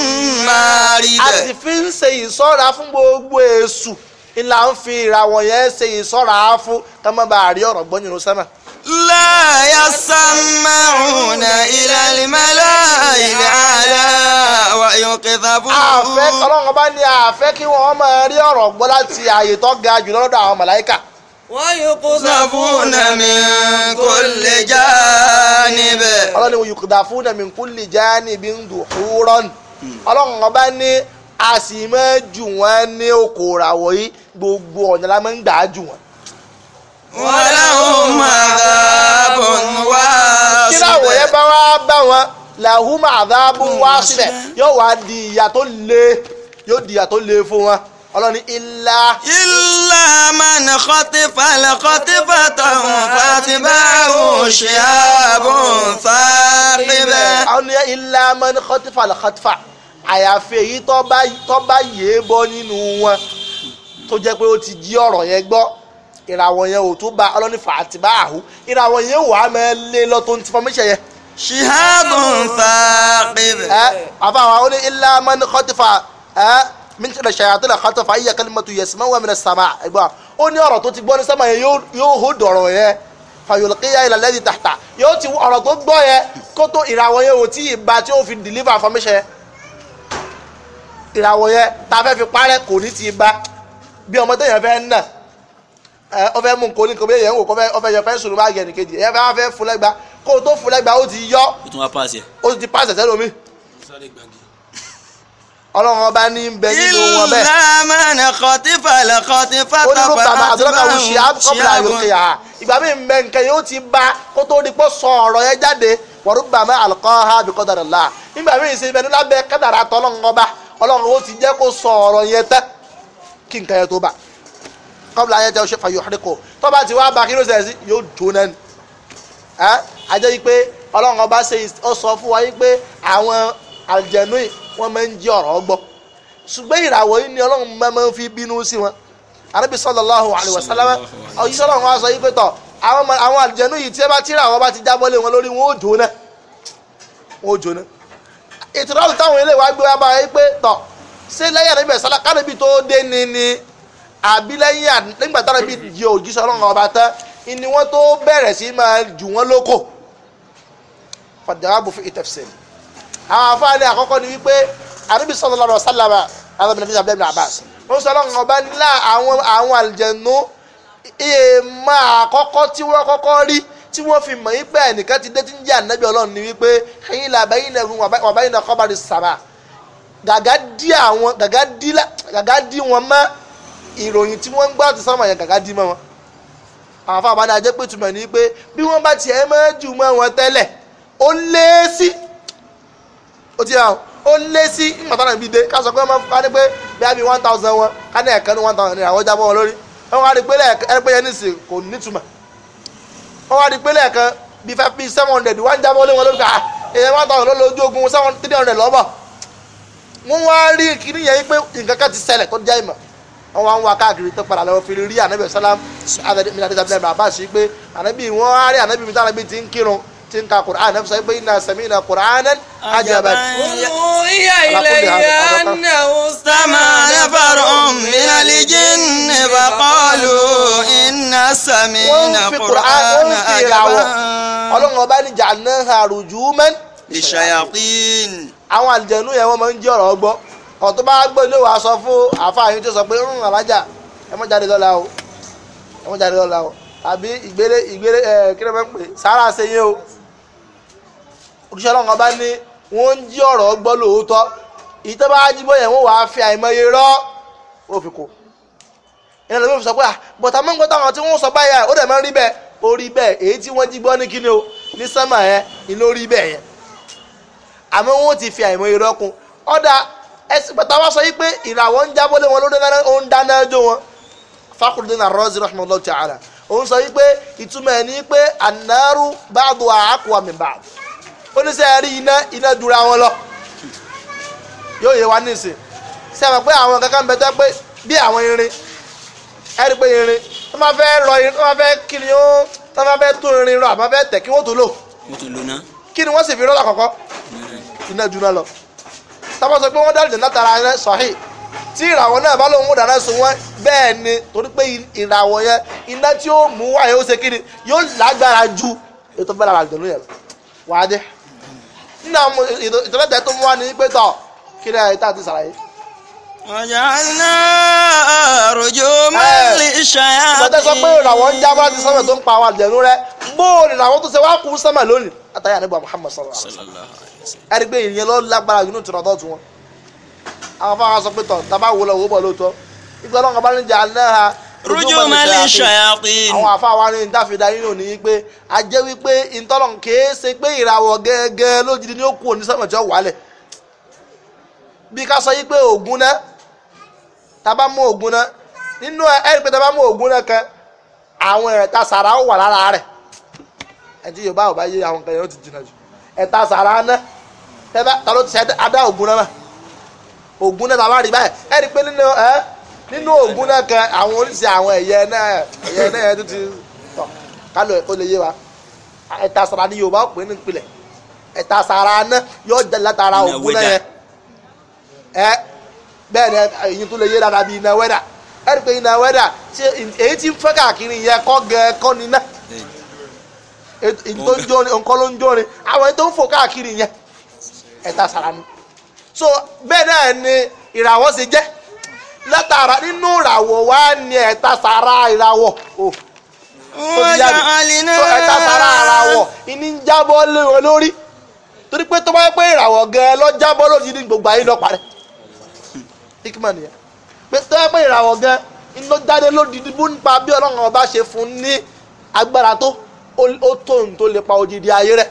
marid. a sì fi ń ṣe ìṣọ́ra fún gbogbo èṣù ìlà ń fi ìràwọ̀ yẹn ṣe ìṣọ́ra fún kọ́mọ́bà àrí ọ̀rọ̀ gbọ́nyìn sẹ́mà. La yasma'una ila al-mala'il ala wa yuqdhabu. àfẹ́ ọlọ́run bá ní àfẹ́ kí wọ́n máa rí ọ̀rọ̀ gbọ́ láti àyè tó ga jù lọ́dọ̀ àwọn màláìkà wọ́yùkúdàfúnà min kulli jánib. ọlọ́ni wọ́yùkúdàfúnà min kulli jánibin duhuran. ọlọ́run ọba ní a sì máa jù wọ́n ní oko ìràwọ̀ yìí gbogbo ọ̀nà la máa ń gbà á jù wọ́n. wọ́n láwọn máa dábọ̀ wá síbẹ̀. kí láwọn yẹn bá wá bá wọn làwọn máa dábọ̀ wá síbẹ̀ yóò wá di ìyà tó le yóò di ìyà tó le fún wọn ọlọ́run ní ilá. ilá man khatifa al-khatifatan fatbahu shihabun thaqib. àwọn ní ilá man khatifa al-khatifa àyàfi èyí tó bá yé bọ́ nínú wọn tó jẹ́ pé ó ti jí ọ̀rọ̀ yẹn gbọ́ ìràwọ̀ yẹn ò tún ba ọlọ́ni fàtìbáàhù ìràwọ̀ yẹn wà á máa lé lọ tó ń ti fọmíṣẹ̀ yẹn. shihabun thaqib. ẹ àfàwọn àwọn ní ilá man khatifa ẹ mínísítà ṣayàtọ̀ àkàtọ̀ fàáyà kalimatu yasma wa mina sama ẹgbà ó ní ọ̀rọ̀ tó ti gbọ́ ní sama yẹn yóò hó dọ̀rọ̀ yẹn fàyọlùkíyà ìlàlẹ́dì tàtà yóò ti ọ̀rọ̀ tó gbọ́ yẹn kó tó ìràwọ̀ yẹn ò ba tí ó fi deliver information yẹn ìràwọ̀ yẹn tá a fẹ́ fi parẹ́ kò ní ti ba bí ọmọ tó yẹn fẹ́ ń nà ọ fẹ́ mú nǹkan oníkan bí èèyàn wò kọ́ ọ fẹ́ yọ fẹ́ sùn báàgì ẹnìkejì èèyàn fẹ́ fẹ́ fúnlẹ́gba kó o tó fúnlẹ́gba ó ti yọ ó ti pàṣẹ sẹ́lómi ọlọ́run ọba ní ń bẹ nínú wọn bẹ́ẹ̀. ilá mẹ́rin kọ́tífà lẹ̀ kọ́tífà tàbí àti báwọn ṣe àbùkọ́bìlà yòókè à ìgbà mi ń bẹ nǹkan yóò ti bá kó tó di pé sọ ọ̀rọ̀ yẹn jáde wọ̀rúgbà mẹ́ alqaha bi qadarillah nígbà mi ìsìn ìbẹ̀nu lábẹ́ kádàrà tọ́ ọlọ́run ọba ọlọ́run ó ti jẹ́ kó sọ ọ̀rọ̀ yẹn tẹ́ kí nǹkan yẹn tó bá kọ́bìlà yẹn wọ́n máa ń jí ọ̀rọ̀ gbọ́ ṣùgbọ́n ìràwọ̀ yìí ni ọlọ́run máa ń fi bínú sí wọn arábì sallallahu alaihi wasallam òjíṣẹ́ ọlọ́run wa sọ yìí pé tọ̀ àwọn àlùjànnú yìí tí ẹ bá tíra àwọn bá ti jábọ́ lé wọn lórí wọn ò jóná wọn ò jóná ìtìrọ́lù táwọn ilé wa gbé wa báyìí pé tọ̀ ṣé lẹ́yìn àdébẹ̀ sálá kánibí tó dé ni ni àbí lẹ́yìn nígbà tára bí di òjíṣẹ́ ọlọ́run ọba tán ni wọ́n tó bẹ̀rẹ̀ sí máa jù wọ́n lóko fàdíhàbù fi ìtẹ̀fẹ̀sẹ̀lì àwọn afáàlẹ àkọ́kọ́ ni wípé ànábì sallallahu alaihi wasallam àtàbí nàbí abdul abbas ó sọ lọ́wọ́ ọba ńlá àwọn àwọn àlùjẹ̀nu èèmọ̀ àkọ́kọ́ tí wọ́n kọ́kọ́ rí tí wọ́n fi mọ̀ wípé ẹnìkan ti dé tí ń jẹ́ ànábì ọlọ́run ni wípé ẹ̀yin là bẹ́yìn náà wà bẹ́yìn náà kọ́ba ní sàmà gàgá dí àwọn gàgá dí wọn mọ́ ìròyìn tí wọ́n ń gbọ́ àti sàmà yẹn gàgá dí mọ́ wọn àwọn afáàbá náà jẹ́ pé bí wọ́n bá tiẹ̀ máa jù mọ́ wọn tẹ́lẹ̀ ó lé sí ó ti hàn ó lé sí ìmọ̀tánà ibi dé ká sọ pé wọ́n máa ní pé bíi one thousand wọn ká ní ẹ̀kan ní one thousand naira wọ́n jábọ̀ wọn lórí wọ́n wá rí pé lẹ́ẹ̀kan pé yẹn nísìn kò nítumọ̀ wọ́n wá rí pé lẹ́ẹ̀kan bíi five bíi seven hundred wọ́n jábọ̀ lé wọn lórí ká èèyàn one thousand lọ́lọ́ ojú ogun seven three hundred lọ́bọ̀ wọ́n wá rí kíní yẹn pé nǹkan kan ti ṣẹlẹ̀ tó jẹ́ ìmọ̀ wọ́n wá ń wá káàkiri tó padà lọ́wọ́ fi rí ànábì sálám àtẹ̀dẹ́mìlá àti àbílẹ̀ bàbá sí pé ànábì wọ́n á rí ànábì mi tí ànábì ti ń kírun tí ń ka Qur'an ẹ̀ fi sọ pé iná sẹ́mi iná Qur'an ẹ̀ ajaba. ìyá ilẹ̀ yà nà ó sàmà nàfàrọ̀ mìíràn jìn nípa kọlu iná sẹ́mi iná Qur'an ajaba. ọlọ́run ọba ní jàǹdà àrùjú mẹ́n. ìṣàyàpín. àwọn àlìjẹ̀nu yẹn wọ́n máa ń jẹ́ ọ̀rọ̀ ọgbọ́ ọ̀tún bá gbọ́ ilé wa sọ fún àfààyàn tó sọ pé ń hmm, alájà ẹ mọ́ jáde lọ́la o ẹ mọ́ jáde lọ́la o àbí ìgbére ìgbére ẹ kí ló máa ń pè sára ṣe yín o òṣìṣẹ́ ọlọ́run ọba ní wọ́n ń jí ọ̀rọ̀ gbọ́ lóòótọ́ ìtọ́ bá jí bóyá wọ́n wàá fi àìmọye rọ́ ó fi kó ìyẹn lómi sọ pé à bọ̀tà mọ́ ń tí wọ́n sọ báyà ó dẹ̀ máa ń rí bẹ́ẹ̀ ó rí bẹ́ẹ̀ èyí tí wọ́n jí gbọ́ ní kíni o ní sánmà yẹn ni ló rí bẹ́ẹ̀ yẹn àmọ́ wọ́n ti fi àìmọye rọ́ kun ọ̀dà ẹsẹ̀ bọ̀tà wá sọ yí pé ìràwọ̀ ń jábọ́ lé wọn lórí ó ń dáná jó wọn Fakhruddin Ar-Razi rahmatullahi ta'ala òun sọ yí pé ìtumọ̀ ẹ̀ ní pé annaru ba'duha aqwa min oníṣẹ́ rí iná iná dura wọn lọ yóò yẹ wa nísìn ṣe mọ̀ pé àwọn kankan bẹ tẹ́ pé bí àwọn irin ẹ rí pé irin tó máa fẹ́ rọ irin tó máa fẹ́ kiri ó tó máa fẹ́ tún irin rọ àmọ́ fẹ́ tẹ̀ kí wọ́n tó lò kí ni wọ́n sì fi rọ́lá kọ̀kọ́ mm-hmm. iná dura lọ tábà sọ pé wọ́n dárò jẹ́ látara iná sọ̀hí tí ìràwọ̀ náà bá lóun ó dáná sun wọn bẹ́ẹ̀ ni torí pé ìràwọ̀ yẹn iná tí ó mú wáyé ó ṣe kí ni yóò lágbára ju ètò fẹ́ lára àjọ̀lú yẹn wáá nínú àwọn ìtọ́lẹ́tẹ̀ tó mú wá ní pé tọ̀ kí ni àyíká ti sàlàyé. ọ̀jàlá àròjò mẹ́lì ṣayá ti. ìgbàdé sọ pé ìràwọ̀ ń jábọ́ láti sánmà tó ń pa àwọn àlùjẹ̀nu rẹ bóòlù làwọn tó ṣe wá kú sánmà lónìí àtàyà nígbà Muhammad sallallahu alaihi wasallam ẹni pé ìyẹn lọ lágbára yìí nùtúrọ̀ dọ́tù wọn àwọn afáwọn sọ pé tọ̀ tábà wọlé òwúbọ̀ lóòótọ́ ìgbà rújú mẹ́lì ṣayatin. àwọn àfáwa ní dáfídà yín ò ní í a jẹ́ wípé ìtọ́lọ̀n kìí ṣe pé ìràwọ̀ gẹ́gẹ́ ni ó kú tí ó sọ yí pé ògùn náà mú ògùn náà nínú pé mú ògùn náà kan àwọn ta sàrà ó wà lára rẹ̀ ẹtí yorùbá ò bá ti ṣe nínú oògùn náà kan àwọn oríṣi àwọn ẹ̀yẹ náà ẹ̀yẹ náà yẹn tó ti tọ̀ kálọ̀ ẹ̀kọ́ lè yé wa ẹ̀ta sara ni Yorùbá pè ní ìpìlẹ̀ ẹ̀ta sara náà yóò jẹ́ látara oògùn náà yẹn ẹ bẹ́ẹ̀ ni ẹ̀yin tó lè yé dáadáa bíi iná wẹ́dà ẹ̀ rí pé iná wẹ́dà ṣé èyí ti ń fẹ́ káàkiri yẹn kọ́ gẹ̀ẹ́ kọ́ ni náà tó ń jórin nǹkan ló ń jórin àwọn ẹni ń fò káàkiri yẹn ẹ̀ta sara ni so bẹ́ẹ̀ náà ni ìràwọ̀ ṣe jẹ́ látara nínú ìràwọ̀ wá ní ẹ̀ta sara ìràwọ̀ o tó ẹ̀ta sara ìràwọ̀ ìní ń jábọ́ lé wọn lórí torí pé tó bá yẹ pé ìràwọ̀ gan-an lọ jábọ́ lórí ní gbogbo ayé lọ parẹ́ ikman yẹn pé tó yẹ pé ìràwọ̀ gan-an iná jáde lódìdí bó ń pa bí ọlọ́run ọba ṣe fún ní agbára tó ó tó ń tó lè pa odidi ayé rẹ̀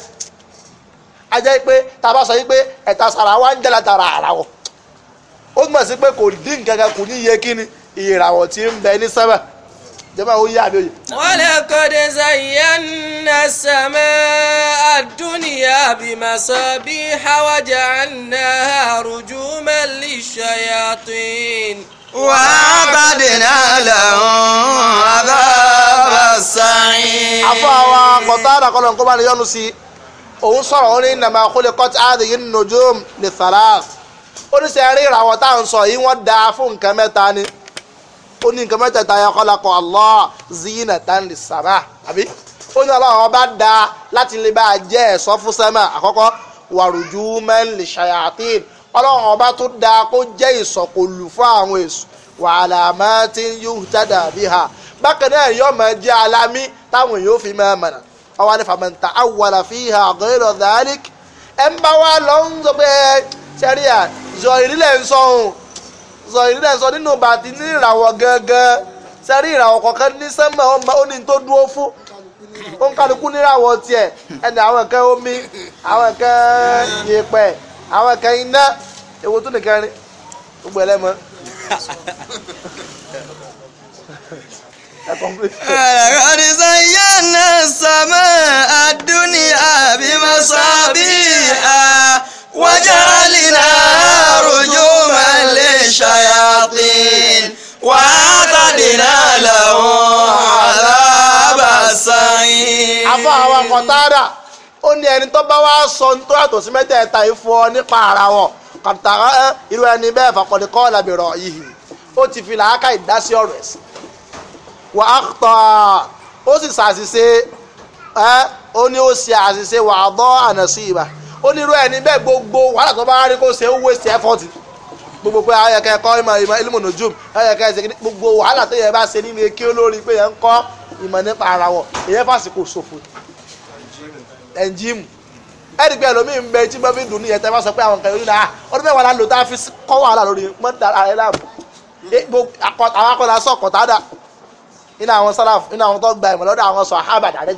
a jẹ́ pé tá a bá sọ yí pé ẹ̀ta sara wá ń jẹ́ látara ìràwọ̀ ó túmọ̀ sí pé kò dín nǹkan kan kò ní iye kíni ìràwọ̀ tí ń bẹ ní sábà jẹba ó yá àbí wọ́n lè kọ́dé zayyanna sàmà àdúnìyà bímọ sọ bí hawajà àná àrùjú mẹ́lì ṣayàtìn. wà á bàdé náà lẹ́hún àbábà sàyìn. àfọwọ́ kọ́tàdà kọ́lọ̀ ń kó bá ní sí òun sọ̀rọ̀ ó ní nàmà khuliqat àdìyí nùjúm ní sàlàs oníṣẹ́ rí ìràwọ̀ tá à ń sọ yìí wọ́n dáa fún nǹkan mẹ́ta ni ó ní nǹkan mẹ́tẹ̀ẹ̀ta yẹn kọ́ lakọ Allah zinatan lissama àbí ó ní ọlọ́run ọba dáa láti lè bá a jẹ́ ẹ̀ṣọ́ fún sẹ́mà àkọ́kọ́ warujuman lishayatin ọlọ́run ọba tó dáa kó jẹ́ ìsọ̀kòlù fún àwọn èṣù wa alamatin yuhtada biha bákan náà yóò máa jẹ́ alámì táwọn èèyàn fi máa mọ̀nà ọwọ́ ní faman ta'awwala fiha ghayra dhalik ẹ̀ ń bá wa lọ ń sọ pé sẹ́ríà zọ ìrìlẹ̀ ń sọ ohun zọ ìrìlẹ̀ ń sọ nínú bàtí ní ìràwọ̀ gangan sẹ́rí ìràwọ̀ kọ̀ọ̀kan ní sẹ́mọ̀ ó ní tó dúró fún ó ń kálukú níràwọ̀ tiẹ̀ ẹni àwọn nǹkan omi àwọn nǹkan yèèpẹ̀ àwọn nǹkan iná èwo tó nìkan rí gbogbo ẹlẹ́mọ. Àràkọ́dé sáyé náà sàmà àdúnì àbí mọ́sábì àá. وجعلنا رجوما للشياطين وأعتدنا لهم عذاب السعير àfàwọn Kọ̀tádà ó ní ẹni tó bá wá sọ ní tó yàtọ̀ sí mẹ́tẹ̀ẹ̀ta yìí fún ọ nípa ara wọn kàtà irú ẹni bẹ́ẹ̀ fàkọ́ni kọ́ làbẹ̀rọ̀ yìí ó ti fi làákà ìdásí ọ̀rọ̀ ẹ̀sìn wà á tọ́ ó sì ṣàṣìṣe ẹ́ ó ní ó ṣe àṣìṣe wà á bọ́ àná sí ibà onírú eni níbẹ̀ gbogbo wàhálà tó bá rí kó ṣe ó waste effort gbogbo pé ayẹkẹ ah, kọ́ ìmọ̀ ìmọ̀ ilmu nujum ayẹkẹ gbogbo wàhálà tó yẹ bá ṣe nínú eke olórí pé yẹn ń kọ́ ìmọ̀ nípa ara wọn èyẹ fàṣìkò ṣòfò ẹnjìmù ẹni pé ẹlòmíì ń bẹ tí mo fi dùn níyẹn tẹ bá sọ pé àwọn kan yóò ah, ọdún mẹ́wàá la lò tá a fi kọ́ wàhálà lórí a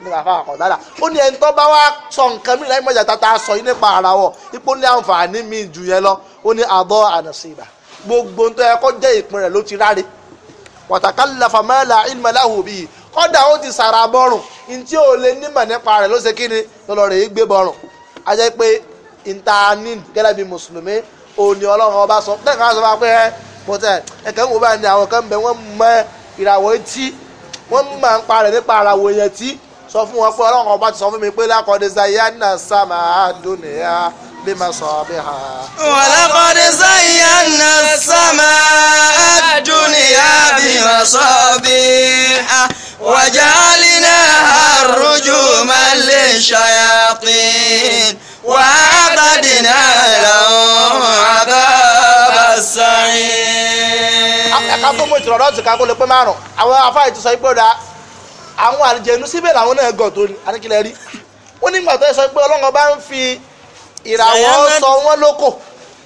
nípa àfa àkọ̀dálà ó ní ẹni tó bá wá sọ nǹkan mìíràn ìmọ̀ ìjàta tá a sọ yìí nípa ara wọ̀ ipò ní àǹfààní mi jù yẹn lọ ó ní àbọ̀ ànàsí ibà gbogbo tó yẹ kó jẹ́ ìpín rẹ̀ ló ti ráre wàtàkàlà fàmẹ́là ìmọ̀láhùn bíi kọ́dà ó ti sàrà bọ́rùn ntí ò lè nímọ̀ nípa rẹ̀ ló ṣe kí ni lọ́lọ́ rẹ̀ gbé bọ́rùn a jẹ́ pé intanin gẹ́gẹ́ bí mùsùlùmí òní ọlọ́run ọba sọ pé nǹkan sọ fún wa pé pọtẹ ni àwọn kan bẹ wọ́n mọ ìràwọ̀ etí wọ́n mọ̀ ń sọ fún wọn pé ọlọ́run ọba ti sọ fún mi pé lákọ̀ọ́dé zayana sàmà àdúnìyà bí ma sọ bí ha. wàlákọ̀ọ́dé zayana sàmà àdúnìyà bí ma sọ bí ha wàjálínà àrùjù máa lè ṣayàpín wàhádàdínà làwọn àbábà sàyìn. ẹ̀ka tó mú ìtìrọ̀rọ̀ ti ká kó lè pé márùn-ún àwọn afáàyè ti sọ ipò dáa àwọn àjẹnú síbẹ̀ làwọn náà gọ̀ tó ní àníkìlẹ̀ rí wọ́n nígbà tó sọ pé ọlọ́run bá ń fi ìràwọ̀ sọ wọ́n lóko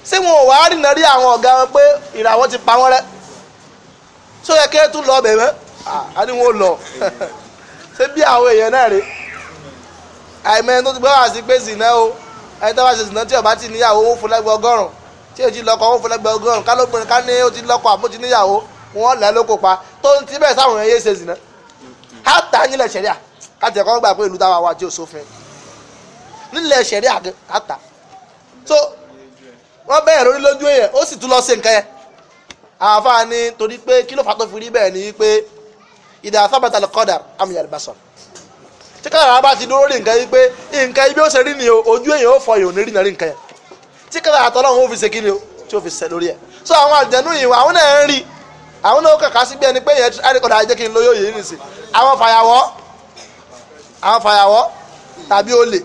ṣé wọn ò wá rìnà rí àwọn ọ̀gá wọn pé ìràwọ̀ ti pa wọ́n rẹ́ só yẹ kí ẹ tún lọ ọbẹ̀ mọ́ a ní wọn ò lọ ṣé bí àwọn èèyàn náà rèé àìmọ́ tó ti gbọ́ wá sí pé zìnà o ẹni tó bá ṣe zìnà tí ọba ti níyàwó owó fún lẹ́gbẹ̀ẹ́ ọgọ́rùn tí èjì lọ́kọ owó fún lẹ́gbẹ̀ẹ́ ọgọ́rùn-ún ká ní ó ti lọ́kọ àbó níyàwó wọn lẹ́ lóko pa tó ń ti bẹ́ẹ̀ sáwọn èèyàn ṣe zìnà hátà nílẹ̀ sẹ̀ríà káti ẹ̀kọ́ gbà pé ìlú táwa wà tí ò sófin nílẹ̀ sẹ̀ríà hátà so wọ́n bẹ̀rẹ̀ lórí lójú èèyàn ó sì tún lọ sí nǹkan yẹn àáfàá ni torí pé kí ló fà tó fi rí bẹ́ẹ̀ ni pé ìdá sábàtà lè kọ́dà àmì àlùbásọ̀ tí kádàrá bá ti dúró rí nǹkan yìí pé nǹkan ibi ó ṣe rí ni ojú èèyàn ó fọ ìhòòhò ní rí nǹkan yẹn tí kádàrá tọ́lọ́run ó fi ṣe kí ni o tí ó fi ṣe lórí ẹ̀ so àwọn àjẹnú yìí àwọn náà ń rí àwọn náà kàkà sí bí ẹni pé yẹn àríkọ̀dà ajé kí n lóyò yìí nìsín àwọn fàyàwọ́ àwọn fàyàwọ́ tàbí olè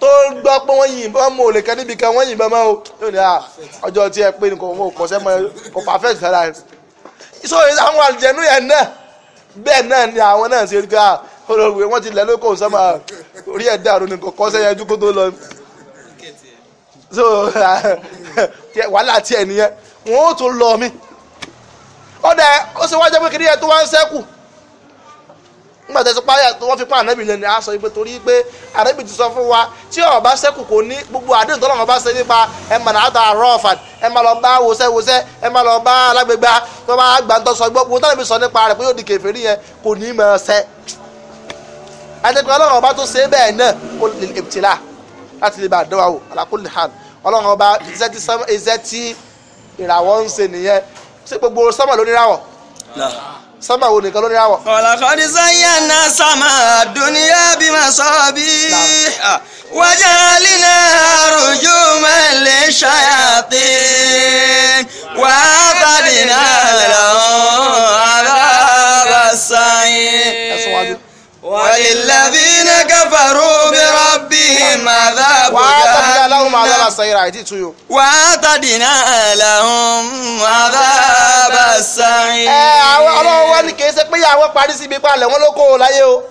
tó gbọ́ pé wọ́n yìnbọn mọ olè kan níbi kan wọ́n yìnbọn mọ́ o yóò ní à ọjọ́ tí ẹ pé nǹkan wọn kò sẹ́mọ kò perfect sára ẹ̀ so àwọn àlùjẹ̀nú yẹn náà bẹ́ẹ̀ náà ni àwọn náà ṣe ká olóògbé wọ́n ti lẹ̀ lóko sọ́mọ orí ẹ̀ dàrú ni kọ́ kọ́dà ó sì wá jẹ́ pé kiri ẹ̀ tó wá ń sẹ́kù nígbà tó ti páyà tó wọ́n fi pa ànábì lẹ́nu a sọ pé torí pé ànábì ti sọ fún wa tí ó bá sẹ́kù kò ní gbogbo àdéhùn tó lọ́wọ́ bá ṣe nípa ẹ mà náà ta àárọ̀ ọ̀fàn ẹ má lọ bá wosẹ́wosẹ́ ẹ má lọ bá alágbègbè tó bá gbà ń tọ́ sọ gbogbo tó lẹ́bi sọ nípa rẹ̀ pé yóò di kèfèrí yẹn kò ní mọ̀ ọ́ sẹ́. àtẹ̀kọ́ ọlọ́run ọba tó ṣé gbogbo sábà ló níràwọ̀ sábà wo nìkan ló níràwọ̀. ọ̀làkọ́ni sẹ́yìn náà sàmà dúníyà bí mà sọ bí wájà lílà rojú mẹ́lẹ̀ ṣáyàtì wà á tàbí náà lọ́wọ́ àbábà sáyìn. وللذين كفروا بربهم عذاب جهنم sayra I did to you. wà á tàdínà lahum adhaba sa'ir. ẹ eh, àwọn ọlọ́wọ́ wá ní kì í ṣe pé ìyàwó parí síbi palẹ̀ wọn ló kó o láyé o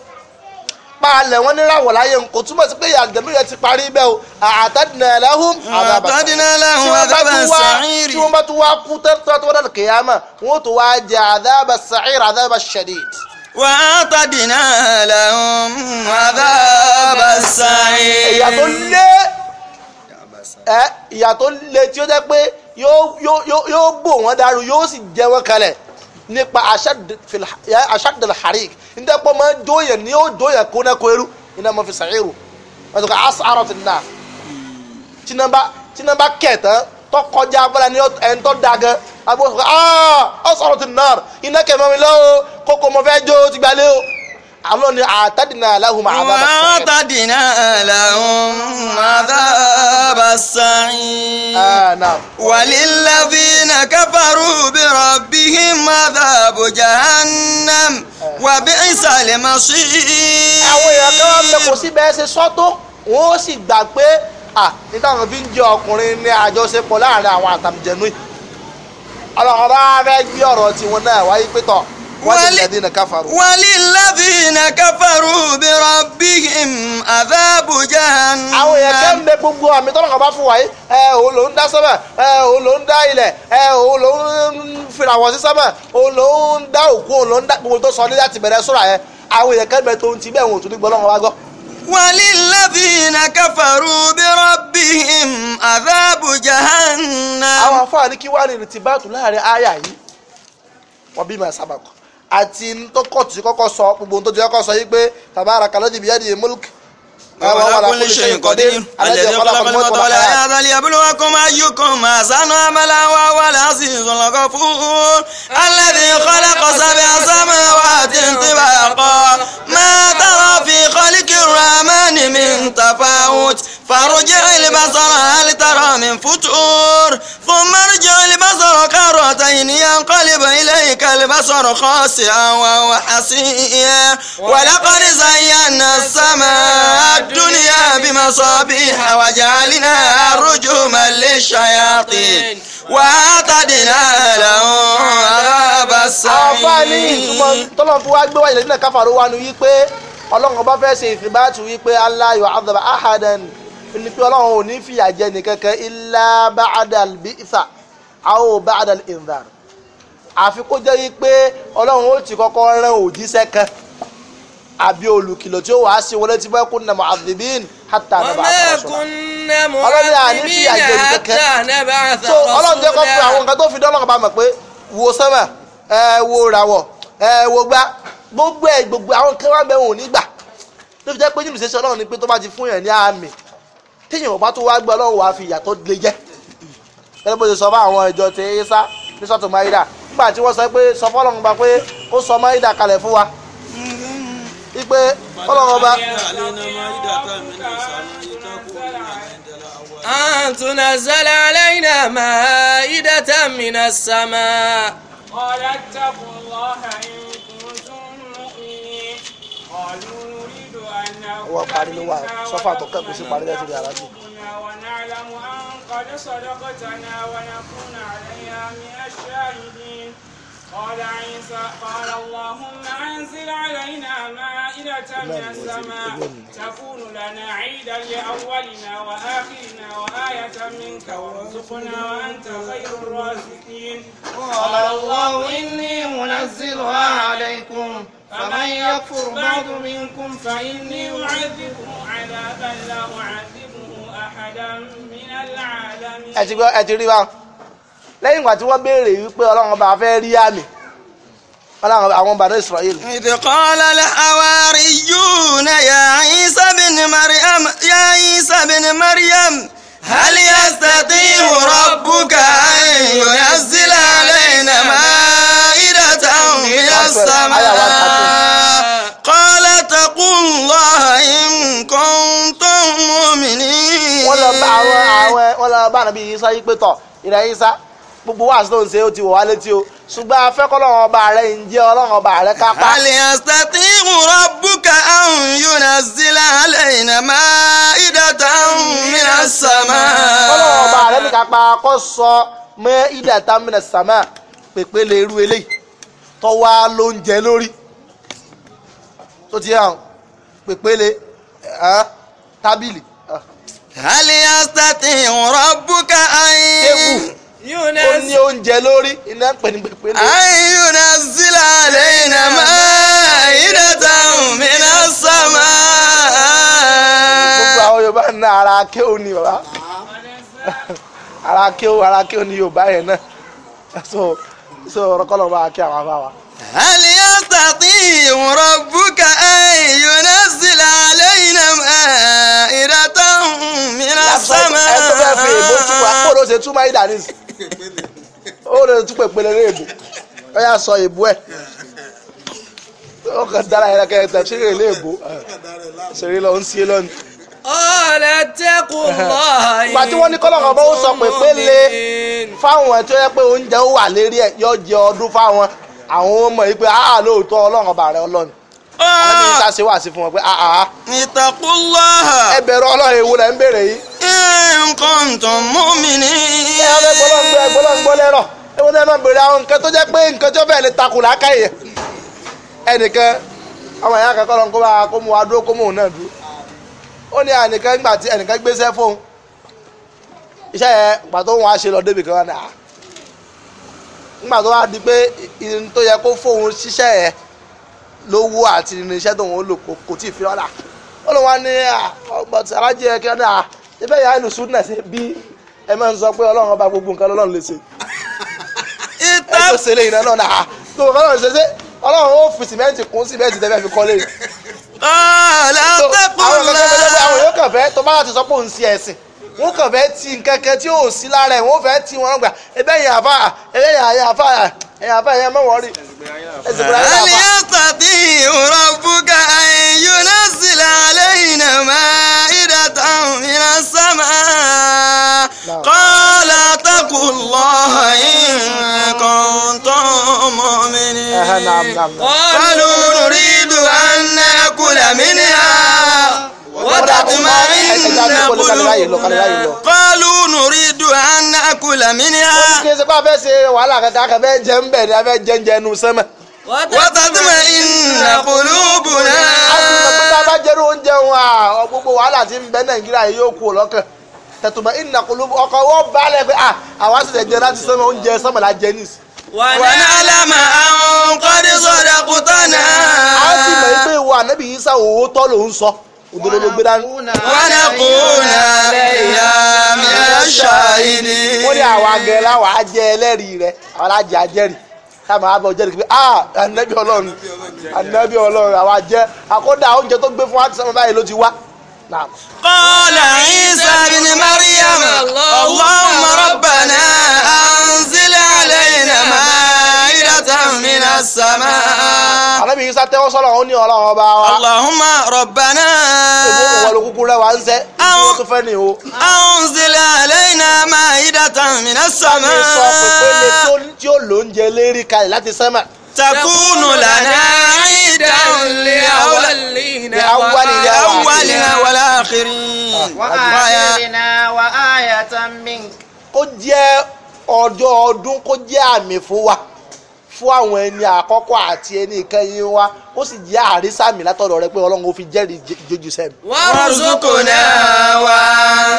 palẹ̀ wọn níràwọ̀ láyé kò túmọ̀ sí pé ìyàgbẹ́nu yẹn ti parí bẹ́ẹ̀ o àtàdínà lahum adhaba sa'ir. àtàdínà lahum adhaba sa'ir. tí wọ́n bá tún wá kú tẹ́tọ́ tó wọ́n kìyàmà wọ́n tó wá jẹ adhaba sa'ir adhaba shadid. وأعتدنا لهم عذاب السعير ẹ ìyà tó le tí ó jẹ́ pé yóò bò wọ́n dàrú yóò sì jẹ wọ́n kalẹ̀ nípa aṣáàdìlẹ̀ harik níta pọ́ máa dóyè ní ó dóyè kónákó eru iná máa fi sàírù wọ́n ti kọ́ asàrọ̀ ti nà tìǹbà kẹtàn tó kọjá abúlé ní ẹni tó da gan abúlé sọ pé asàrọ̀ ti nà iná kẹmọ́ mi lọ́wọ́ kókó mo fẹ́ jó ti gbalẹ́ o alọ́ni àtàdínà aláhùn máa bá bá sàn. wọ́n àtàdínà aláhùn máa bá sàn. wàlílábìnà káfàrú bí rọ̀bìhì máa bá bòjá hánàm wà bí ìsàlẹ̀ máa ṣí. àwọn èèyàn kan wá fẹ́ kó sí ṣe sọ́tò wọ́n sì gbà pé nígbà wọn fi ń jẹ ọkùnrin ní àjọṣepọ̀ láàrin àwọn àtàmìjẹ̀nú ọlọ́run bá fẹ́ gbé ọ̀rọ̀ tiwọn náà wáyé pé tán. وللذين كفروا وللذين كفروا بربهم عذاب جهنم àwọn èèyàn kẹ́ ń bẹ gbogbo àmì tọ́lọ̀ kan bá fún wa yìí ẹ òun ló ń dá sọ́mà ẹ òun ló ń dá ilẹ̀ ẹ òun ló ń fìràwọ̀ sí sọ́mà òun ló ń dá òkú òun ló ń dá gbogbo tó sọ ní láti bẹ̀rẹ̀ sọ́ra yẹn àwọn èèyàn kẹ́ ń bẹ tó ń ti bẹ́ẹ̀ wọn ò tún ní gbọ́ lọ́wọ́ wá gbọ́. وللذين كفروا بربهم عذاب جهنم àwọn afáàní kí wàá ní ìrètí bá tù láàrin àyà yìí wọ́n bí màá sábà kọ́ àti ntọ́kọ̀tù kọ́kọ́ sọ gbogbo ntọ́jú kọ́kọ́ sọ yìí pé tabaraka lọ́dì bíyá di mulk. Àwọn akúnlé ṣe nǹkan dín. Àlejò ọ̀pọ̀lọpọ̀ ni wọ́n tọ́ la. Àtàlẹ́ àbúlọ́wọ́ kan máa yú kan máa sánú abala wa wà láti ìsọ̀lọ́kọ̀ fún un. Alladhi khalaqa sab'a samawati tibaqa. Ma tara fi khalqi rahmani min tafawut. Farji' al-basara hal tara min futur. Thumma irji' والبصر خاسئا وهو حسيا ولقد زينا السماء الدنيا بمصابيح وجعلنا رجوما للشياطين وأعتدنا لهم عذاب السعير ọlọ́run ọba fẹ́ ṣe ìfìbátu wípé aláyọ̀ àdàbà ahadan ni pé ọlọ́run ò ní fìyà jẹ nìkankan ilá bàdàl bíìsà àwọn bàdàl ìndàr àfi kó jẹ́ wípé ọlọ́run ó ti kọ́kọ́ rán òjíṣẹ́ kan àbí olùkìlọ̀ tí ó wàá sí wọlé tí bẹ́ẹ̀ kunna mu'adhibin hatta naba'atha rasula ọlọ́run àní fi àjẹ ní kẹ́kẹ́ so ọlọ́run jẹ́ kọ́ pé àwọn nǹkan tó fi dọ́lọ́run bá mọ̀ pé wo sẹ́mà ẹ wo ràwọ̀ ẹ wo gbá gbogbo ẹ gbogbo àwọn kan wà bẹ́ẹ̀ wọn ò ní fi jẹ́ pé yìí ṣe ọlọ́run ni pé tó bá ti fún yàn ní àmì téèyàn bá tó wá gbé ọlọ́run wàá fi ìyà tó le jẹ́ gẹ́gẹ́ ní sọ́tù máyídà nígbà tí wọ́n sọ pé sọ fọ́lọ́run ọba pé kó sọ máyídà kalẹ̀ fún wa ipe fọ́lọ́run ọba. أن تنزل علينا مائدة من السماء قال اتقوا الله إن كنتم مؤمنين قالوا نريد أن نؤمن بما ونعلم أن لقد صدقتنا ونكون عليها من الشاهدين قال عيسى قال اللهم انزل علينا مائدة من السماء تكون لنا عيدا لأولنا وآخرنا وآية منك وارزقنا وأنت خير الرازقين قال الله إني منزلها عليكم فمن يكفر بعض منكم فإني أعذبه عذابا لا أعذب ẹ ti gbọ́ ẹ ti rí báwọn lẹ́yìn ìgbà tí wọ́n béèrè wípé ọlọ́run bá fẹ́ rí àmì ọlọ́run àwọn bàdó Israel. ìdíkọ́lá àwárí yóò náà yà Isa bin Maryam yà Isa bin Maryam hal yastati'u rabbuka an yunazzila alayna ma'idatan minas samaa qala ittaqu Allaha in kuntum. wọ́n àwọn àwọn wọ́n lọ bá ànábì yí pé gbogbo wàásù tó ń ó ti wọ̀ wá létí o ṣùgbọ́n afẹ́kọ́ lọ́wọ́ ọba rẹ̀ ń jẹ́ ọba rẹ̀ kápá. àlìyànṣẹ́ tí ìwúrọ̀ búkà ọ̀hún yóò náà sílẹ̀ ìnàmá ìdàtà mìíràn sàmà. ọba rẹ̀ lórí tó ti hàn aliasitati rọ́bùkà ayin. ewu O ní oúnjẹ lórí iná pẹ̀lú pẹ̀lú. ayin yuna zila lẹ́yìn àmà ìdàtà òmìnira sàmà. gbogbo àwọn yorùbá ń ná ara kéwù ni bàbá ara kéwù ara kéwù ni yorùbá yẹn náà so so rọkọlọ bá a kí àwọn afáwa. aliya. يستطيع ربك أن ينزل علينا مائدة من السماء ẹ tó fẹ́ fi èbó ní èbó ó yà sọ èbó ẹ ó kàn dára yẹn kẹyẹ tẹ ṣé kèrè ní èbó lọ ń ṣe lọ́nù. ọ̀rẹ́ tẹ́kùn lọ́ọ̀yìn. ìgbà tí wọ́n ní kọ́lọ́kọ̀ bó sọ pépele fáwọn tó yẹ pé oúnjẹ wà lérí ẹ̀ yọ jẹ ọdún fáwọn àwọn ọmọ yìí pé àá ah, lóòótọ́ ọlọ́run ọba rẹ ọlọ́run ah. àwọn ní sá ṣe wà sí fún wọn pé ah! ìtàkùnláhà. Ah, ẹ bẹ̀rù ọlọ́run èwo lẹ́ ń béèrè yìí. nǹkan tán mú mi ní. ẹ ọlọ́gbọ́lọ́gbọ́ ẹ gbọ́lọ́gbọ́ lẹ́rọ̀ ẹ wọ́n náà béèrè àwọn nǹkan tó jẹ́ pé nǹkan tó bẹ́ẹ̀ lè takùn lákàyè ẹnìkan àwọn èèyàn kan kọ́lọ́n kó bá kó mu adúró kó mu òun náà dúró ó ní ẹnìkan gbà tí ẹnìkan gbéṣẹ́ fóun iṣẹ́ yẹn pàtó òun á ṣe lọ débì kan náà nígbà tó wá di pé irin tó yẹ kó fóun ṣiṣẹ́ yẹn lówó àti irinṣẹ́ tóun ó lò kò tí ì fi rọ́là ó lóun wá ní ọgbọ̀tì alájẹ kí wọ́n a ibẹ̀ yà á sùn náà sí bí ẹ máa ń sọ pé ọlọ́run ọba gbogbo nǹkan lọ́lọ́run lè ṣe ẹ tó ṣe lè yìnbọn náà tó nǹkan lọ́run ṣe ṣe ọlọ́run ó fi sìmẹ́ǹtì kún sìmẹ́ǹtì tẹ́fẹ́ fi wọn kàn fẹ́ ti nǹkan kan tí ò sí lára ẹ̀ wọ́n fẹ́ ti wọn gbà ẹbẹ́ yẹn àfa ẹbẹ́ yẹn àfa ẹ̀yìn àfa yẹn mọ̀ rí ẹ̀sìn gbọ́dọ̀ àfa. ìwúrọ̀ búkà ẹ̀yìn náà sì lálẹ́ ìnàmá ìdàtàn mìíràn sámà kọ́lá takù lọ́hìn kọ́ńtọ́ mọ́mìnì. قالوا نريد أن نأكل منها tàtúmá iná búlù kọ́lù nùrí dùn án àkùlà mí ni a. ó ní kí n ṣe pé a fẹ́ ṣe wàhálà kẹta kẹfẹ́ jẹ́ ń bẹ̀ ni a fẹ́ jẹ́ ń ti sọ pé tá a yìí yóò kú lọ́kàn la jẹ́ nìsí. wọ́n ní alámà àwọn kọ́ni sọ̀dọ̀ kùtọ́nà. a ló ń sọ òdodo ló gbé dání. wọ́n ní kú ní ìyá mi ṣá ìní. wọ́n ní àwọn agẹ̀ láwọn ajẹ́ ẹlẹ́rìí rẹ̀ àwọn alájẹ ajẹ́rìí káàmù abẹ́ ọjẹ́rìí pé ah ànábì ọlọ́run ànábì ọlọ́run àwọn ajẹ́ àkọ́dà oúnjẹ tó gbé fún wa ti sọ́mọ báyìí ló ti wá. Qala Isa bin Maryam, Allahumma rabbana anzil alayna ma'idatan minas samaa. Ànábì Isa tẹ́wọ́ sọ́lọ̀ ó ní ọlọ́run ọba wa. Allahumma rabbana rẹwà ń sẹ́ àwọn tó fẹ́ ni o. àwọn òsèlè àlẹ́ iná máa yí dàtà mìíràn sàmà. sani sọ pé pélé tó tí ó lò ń jẹ lérí kalẹ̀ láti sẹ́mà. takunu lana idan le awalina awalina wala akiri. wa akirina ah, wa ayatan mink. kó jẹ́ ọjọ́ ọdún kó jẹ́ àmì fún wa fún àwọn ẹni àkọ́kọ́ àti ẹni ìkẹyìn wa ó sì jẹ́ àrísàmì látọ̀dọ̀ rẹ pé ọlọ́run ó fi jẹ́rìí jójú sẹ́mi. wọ́n rúzùkù náà wà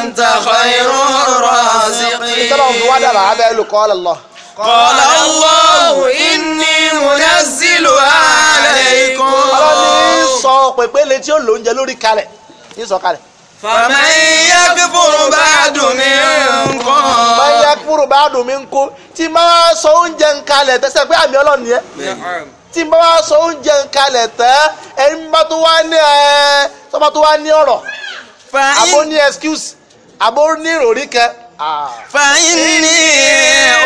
ń tàkọ́ irú rọ̀ọ̀sìkì. ìtọ́lọ̀ fún wa dàrá abẹ́ lù kọ́ lọ. kọ́lá lọ́wọ́ ìní múnásílù àlẹ́ ikú. ọlọ́run ní sọ pèpè létí ó lóúnjẹ lórí kalẹ̀ ní sọ kalẹ̀ fàmẹ́ yẹ́kúrú bá dùn mí nkọ́. fàmẹ́ yẹ́kúrú bá dùn mí nkọ́ tí máa sọ oúnjẹ nkalẹ̀ pé àmì ọlọ́ọ̀ni yẹn tí n bá wá sọ oúnjẹ nkalẹ̀ tẹ́ ẹni bá tó wá ní ẹ sọ́ba tó wá ní ọ̀rọ̀ àbó ní excuse àbó ní ìròrí kẹ. fàyín ni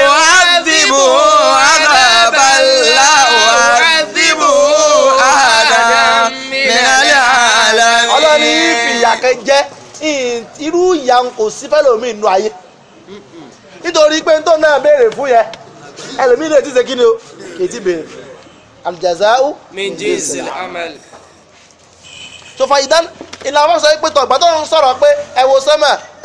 wàá dìbò àbàbà là kan jẹ́ irú ìyà kò sí fẹ́lòmíì nù ayé nítorí pé tó náà béèrè fún yẹn ẹlòmíì lè ti ṣe kí ni o kì í ti béèrè aljazau min jinsil amal tó fa ìdán ìlànà sọ pé tọ̀gbọ́n tó ń sọ̀rọ̀ pé ẹ wo sẹ́mà